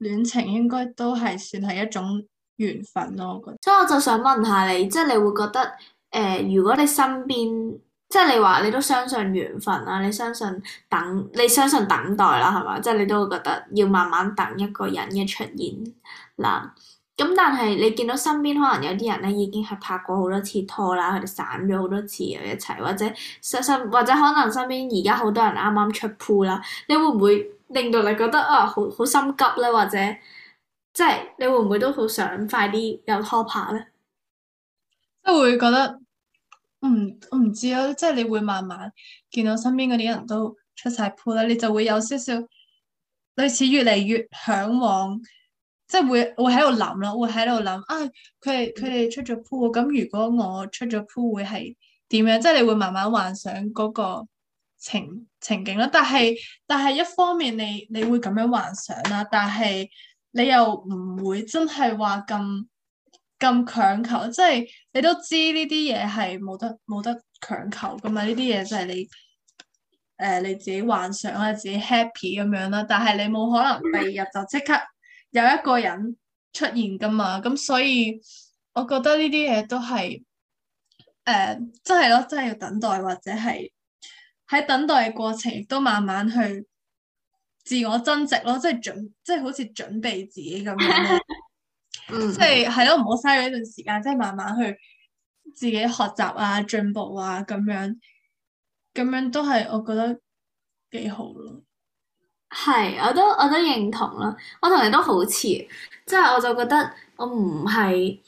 戀情應該都係算係一種緣分咯。我覺得，所以我就想問下你，即、就、係、是、你會覺得，誒、呃，如果你身邊即係你話你都相信緣分啦、啊，你相信等，你相信等待啦，係嘛？即係你都會覺得要慢慢等一個人嘅出現嗱。咁、嗯、但係你見到身邊可能有啲人咧，已經係拍過好多次拖啦，佢哋散咗好多次又一齊，或者實實或，或者可能身邊而家好多人啱啱出鋪啦，你會唔會令到你覺得啊好好心急咧？或者即係你會唔會都好想快啲有拖拍咧？即係會覺得。唔，我唔、嗯、知啊，即係你會慢慢見到身邊嗰啲人都出晒鋪啦，你就會有少少類似越嚟越向往，即係會會喺度諗啦，會喺度諗啊，佢哋佢哋出咗鋪，咁如果我出咗鋪會係點樣？即係你會慢慢幻想嗰個情情景啦，但係但係一方面你你會咁樣幻想啦，但係你又唔會真係話咁。咁強求，即係你都知呢啲嘢係冇得冇得強求㗎嘛？呢啲嘢就係你誒、呃、你自己幻想啊，自己 happy 咁樣啦。但係你冇可能第二日就即刻有一個人出現㗎嘛？咁所以我覺得呢啲嘢都係誒，即係咯，即係要等待或者係喺等待嘅過程都慢慢去自我增值咯，即係準，即係好似準備自己咁樣咯。 即係係咯，唔好嘥咗呢段時間，即係慢慢去自己學習啊、進步啊，咁樣咁樣都係，我覺得幾好咯。係，我都我都認同咯，我同你都好似，即係我就覺得我唔係，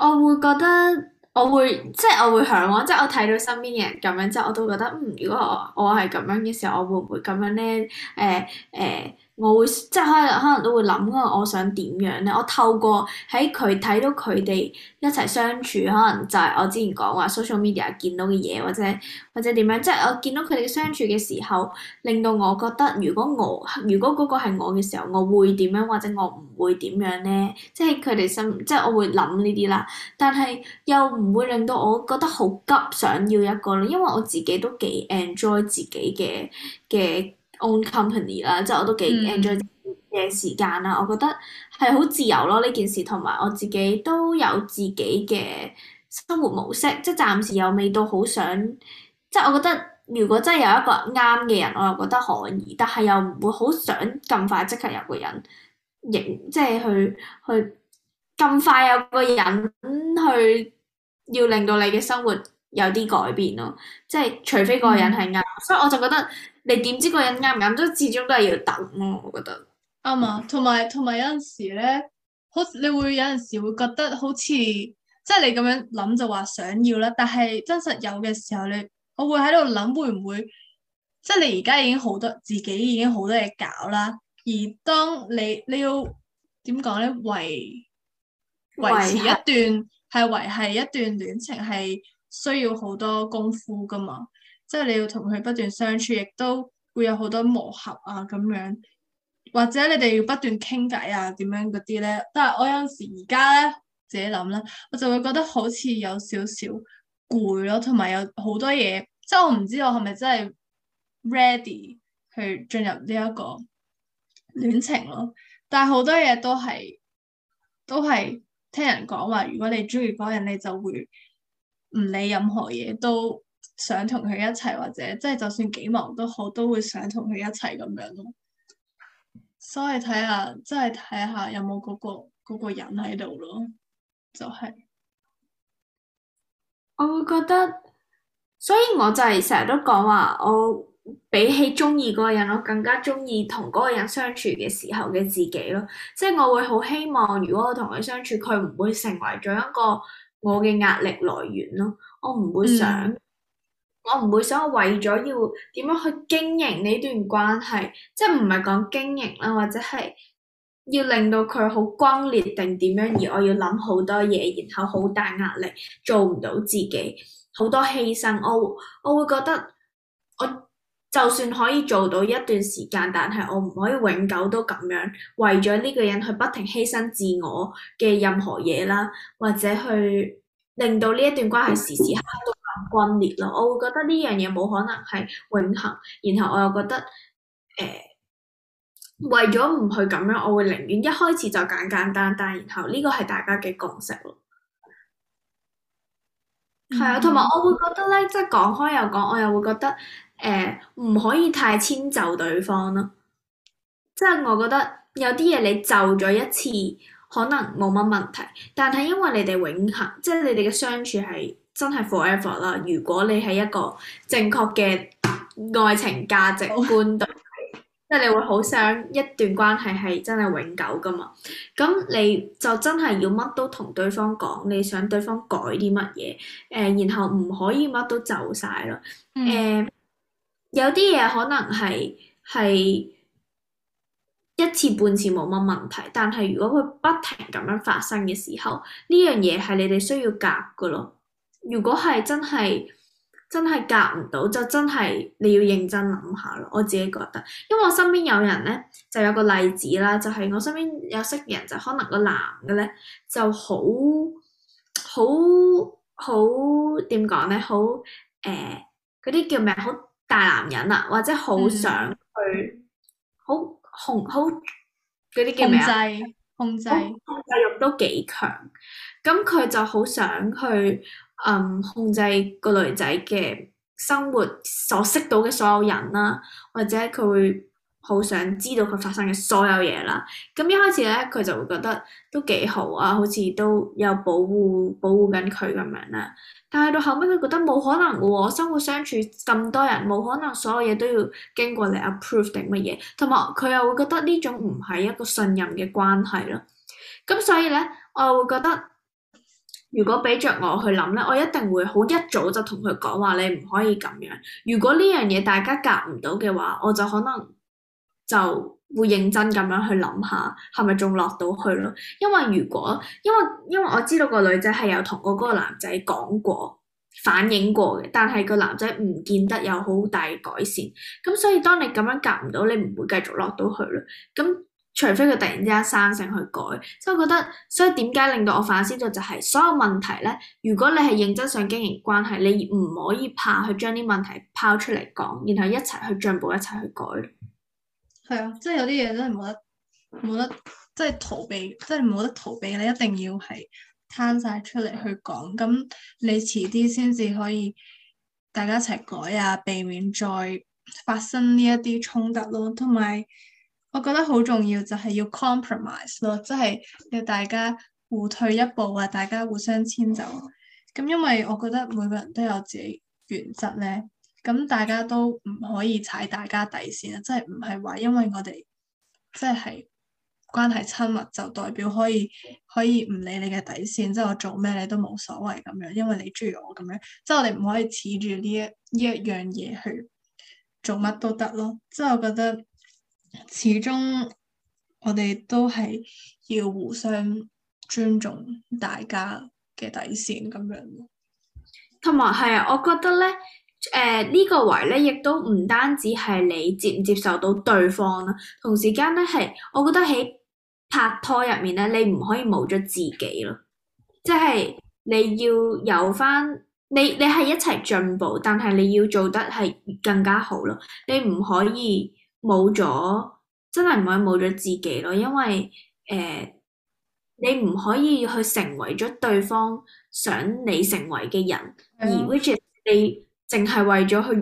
我會覺得我會即係我會向往，即係我睇到身邊嘅人咁樣，即係我都覺得嗯，如果我我係咁樣嘅時候，我會唔會咁樣咧？誒誒我會即係可能可能都會諗，因我想點樣咧？我透過喺佢睇到佢哋一齊相處，可能就係我之前講話 social media 見到嘅嘢，或者或者點樣？即係我見到佢哋相處嘅時候，令到我覺得如果我如果嗰個係我嘅時候，我會點樣或者我唔會點樣咧？即係佢哋心即係我會諗呢啲啦。但係又唔會令到我覺得好急想要一個咯，因為我自己都幾 enjoy 自己嘅嘅。own company 啦，即係我都幾 enjoy 嘅時間啦。嗯、我覺得係好自由咯，呢件事同埋我自己都有自己嘅生活模式，即係暫時又未到好想。即係我覺得，如果真係有一個啱嘅人，我又覺得可以，但係又唔會好想咁快即刻有個人，亦即係去去咁快有個人去要令到你嘅生活有啲改變咯。即係除非嗰個人係啱，嗯、所以我就覺得。你點知嗰人啱唔啱？都始終都係要等咯，我覺得。啱啊、嗯，同埋同埋有陣時咧，好你會有陣時會覺得好似，即係你咁樣諗就話想要啦，但係真實有嘅時候，你我會喺度諗會唔會，即係你而家已經好多自己已經好多嘢搞啦，而當你你要點講咧維維持一段係維繫一段戀情係需要好多功夫㗎嘛。即係你要同佢不斷相處，亦都會有好多磨合啊咁樣，或者你哋要不斷傾偈啊，點樣嗰啲咧。但係我有陣時而家咧自己諗啦，我就會覺得好似有少少攰咯，同埋有好多嘢。即係我唔知道我係咪真係 ready 去進入呢一個戀情咯？但係好多嘢都係都係聽人講話，如果你中意嗰人，你就會唔理任何嘢都。想同佢一齊，或者即係、就是、就算幾忙都好，都會想同佢一齊咁樣咯。所以睇下，即係睇下有冇嗰個、嗰個、嗰個人喺度咯，就係我會覺得，所以我就係成日都講話，我比起中意嗰個人，我更加中意同嗰個人相處嘅時候嘅自己咯。即係我會好希望，如果我同佢相處，佢唔會成為咗一個我嘅壓力來源咯。我唔會想、嗯。我唔會想為咗要點樣去經營呢段關係，即係唔係講經營啦，或者係要令到佢好轟烈定點樣，而我要諗好多嘢，然後好大壓力，做唔到自己，好多犧牲，我我會覺得我就算可以做到一段時間，但係我唔可以永久都咁樣為咗呢個人去不停犧牲自我嘅任何嘢啦，或者去令到呢一段關係時時刻刻。崩裂咯！我會覺得呢樣嘢冇可能係永恆，然後我又覺得誒、呃，為咗唔去咁樣，我會寧願一開始就簡簡單單，然後呢個係大家嘅共識咯。係啊、嗯，同埋我會覺得咧，即係講開又講，我又會覺得誒，唔可以太遷就對方咯。即係我覺得有啲嘢你就咗一次，可能冇乜問題，但係因為你哋永恒，即係你哋嘅相處係。真係 forever 啦。如果你係一個正確嘅愛情價值觀度， 即係你會好想一段關係係真係永久噶嘛。咁你就真係要乜都同對方講，你想對方改啲乜嘢？誒、呃，然後唔可以乜都走晒咯。誒、嗯呃，有啲嘢可能係係一次半次冇乜問題，但係如果佢不停咁樣發生嘅時候，呢樣嘢係你哋需要夾噶咯。如果係真係真係夾唔到，就真係你要認真諗下咯。我自己覺得，因為我身邊有人咧，就有個例子啦，就係我身邊有識嘅人，就可能個男嘅咧就好好好點講咧，好誒嗰啲叫咩好大男人啊，或者好想去好控好嗰啲叫咩控制控制控制欲都幾強，咁佢就好想去。嗯，控制個女仔嘅生活所識到嘅所有人啦，或者佢會好想知道佢發生嘅所有嘢啦。咁一開始咧，佢就會覺得都幾好啊，好似都有保護保護緊佢咁樣啦。但係到後尾，佢覺得冇可能喎，生活相處咁多人，冇可能所有嘢都要經過你 approve 定乜嘢。同埋佢又會覺得呢種唔係一個信任嘅關係咯。咁所以咧，我又會覺得。如果俾着我去諗咧，我一定會好一早就同佢講話，你唔可以咁樣。如果呢樣嘢大家夾唔到嘅話，我就可能就會認真咁樣去諗下，係咪仲落到去咯？因為如果，因為因為我知道個女仔係有同過嗰個男仔講過反映過嘅，但係個男仔唔見得有好大改善。咁所以當你咁樣夾唔到，你唔會繼續落到去咯。咁除非佢突然之間生性去改，所以我覺得，所以點解令到我反思咗就係所有問題咧，如果你係認真上經營關係，你唔可以怕去將啲問題拋出嚟講，然後一齊去進步，一齊去改。係啊，即係有啲嘢真係冇得冇得，即係逃避，即係冇得逃避，你一定要係攤晒出嚟去講，咁你遲啲先至可以大家一齊改啊，避免再發生呢一啲衝突咯，同埋。我覺得好重要就係要 compromise 咯，即係要大家互退一步啊，大家互相遷就。咁因為我覺得每個人都有自己原則咧，咁大家都唔可以踩大家底線啊，即係唔係話因為我哋即係關係親密就代表可以可以唔理你嘅底線，即係我做咩你都冇所謂咁樣，因為你中意我咁樣，即係我哋唔可以恃住呢一呢一樣嘢去做乜都得咯。即係我覺得。始終我哋都係要互相尊重大家嘅底線咁樣，同埋係啊，我覺得咧，誒呢個位咧，亦都唔單止係你接唔接受到對方啦，同時間咧係，我覺得喺拍拖入面咧，你唔可以冇咗自己咯，即係你要有翻，你你係一齊進步，但係你要做得係更加好咯，你唔可以。冇咗，真係唔可以冇咗自己咯，因為誒、呃，你唔可以去成為咗對方想你成為嘅人，嗯、而 which is, 你淨係為咗去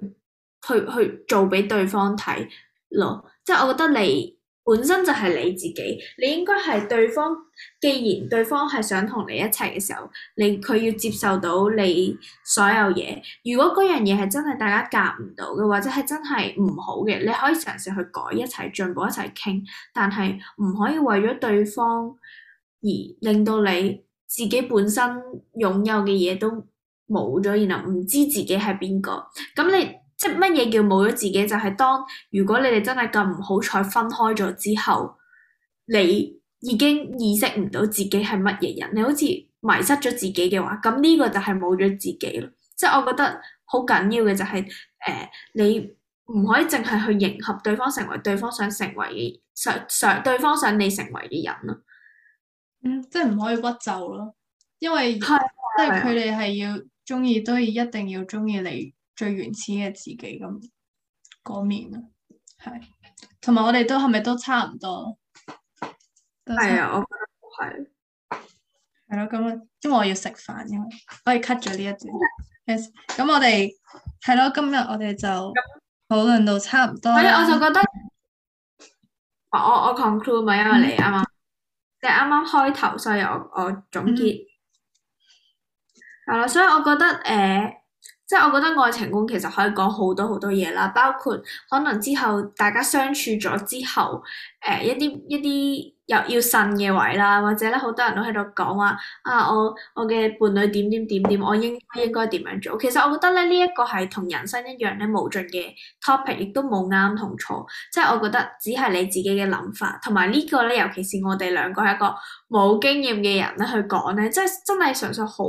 去去做俾對方睇咯，即、就、係、是、我覺得你。本身就係你自己，你應該係對方。既然對方係想同你一齊嘅時候，你佢要接受到你所有嘢。如果嗰樣嘢係真係大家夾唔到嘅，或者係真係唔好嘅，你可以嘗試去改，一齊進步，一齊傾。但係唔可以為咗對方而令到你自己本身擁有嘅嘢都冇咗，然後唔知自己係邊個。咁你？即係乜嘢叫冇咗自己？就係當如果你哋真係咁唔好彩分開咗之後，你已經意識唔到自己係乜嘢人，你好似迷失咗自己嘅話，咁呢個就係冇咗自己咯。即係我覺得好緊要嘅就係，誒，你唔可以淨係去迎合對方，成為對方想成為嘅想想對方想你成為嘅人咯。嗯，即係唔可以屈就咯，因為即係佢哋係要中意，都要一定要中意你。最原始嘅自己咁嗰面啊，係，同埋我哋都係咪都差唔多？係啊，我係，係咯，咁啊，因為我要食飯，因為可以 cut 咗呢一段。咁 我哋係咯，今日我哋就討論到差唔多。所以我就覺得， 我我我 conclude 咪因為你啊嘛，即係啱啱開頭，所以我我總結係啦、嗯，所以我覺得誒。呃即係我覺得愛情觀其實可以講好多好多嘢啦，包括可能之後大家相處咗之後，誒、呃、一啲一啲又要呻嘅位啦，或者咧好多人都喺度講話啊，我我嘅伴侶點點點點，我應該應該點樣做？其實我覺得咧呢一、這個係同人生一樣咧無盡嘅 topic，亦都冇啱同錯，即係我覺得只係你自己嘅諗法，同埋呢個咧，尤其是我哋兩個係一個冇經驗嘅人咧去講咧，即係真係純粹好。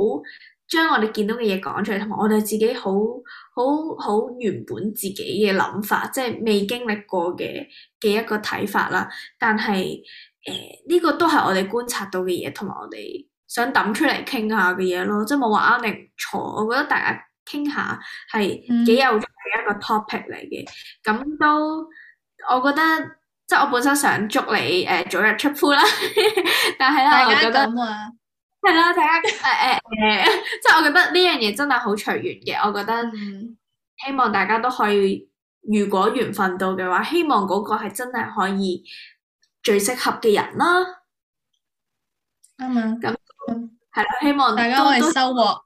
將我哋見到嘅嘢講出嚟，同埋我哋自己好好好原本自己嘅諗法，即係未經歷過嘅嘅一個睇法啦。但係誒呢個都係我哋觀察到嘅嘢，同埋我哋想抌出嚟傾下嘅嘢咯。即係冇話啱定錯，我覺得大家傾下係幾有用嘅一個 topic 嚟嘅。咁、嗯、都我覺得即係我本身想祝你誒、呃、早日出 pool 啦， 但係咧我覺得。係啦，大家誒誒誒，即係我覺得呢樣嘢真係好隨緣嘅。我覺得希望大家都可以，如果緣分到嘅話，希望嗰個係真係可以最適合嘅人啦。啱啊！咁係啦，希望都 大家可以收穫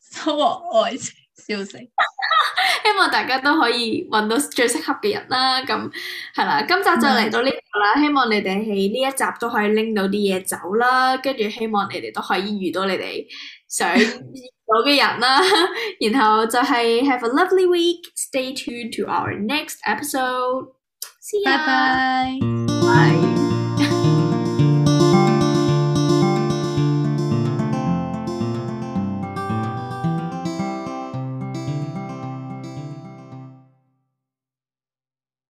收穫愛情。 笑，希望大家都可以揾到最適合嘅人啦，咁係啦。今集就嚟到呢度啦，希望你哋喺呢一集都可以拎到啲嘢走啦，跟住希望你哋都可以遇到你哋想遇到嘅人啦。 然後就係 Have a lovely week，Stay tuned to our next episode，See you，拜拜。Bye bye. Bye.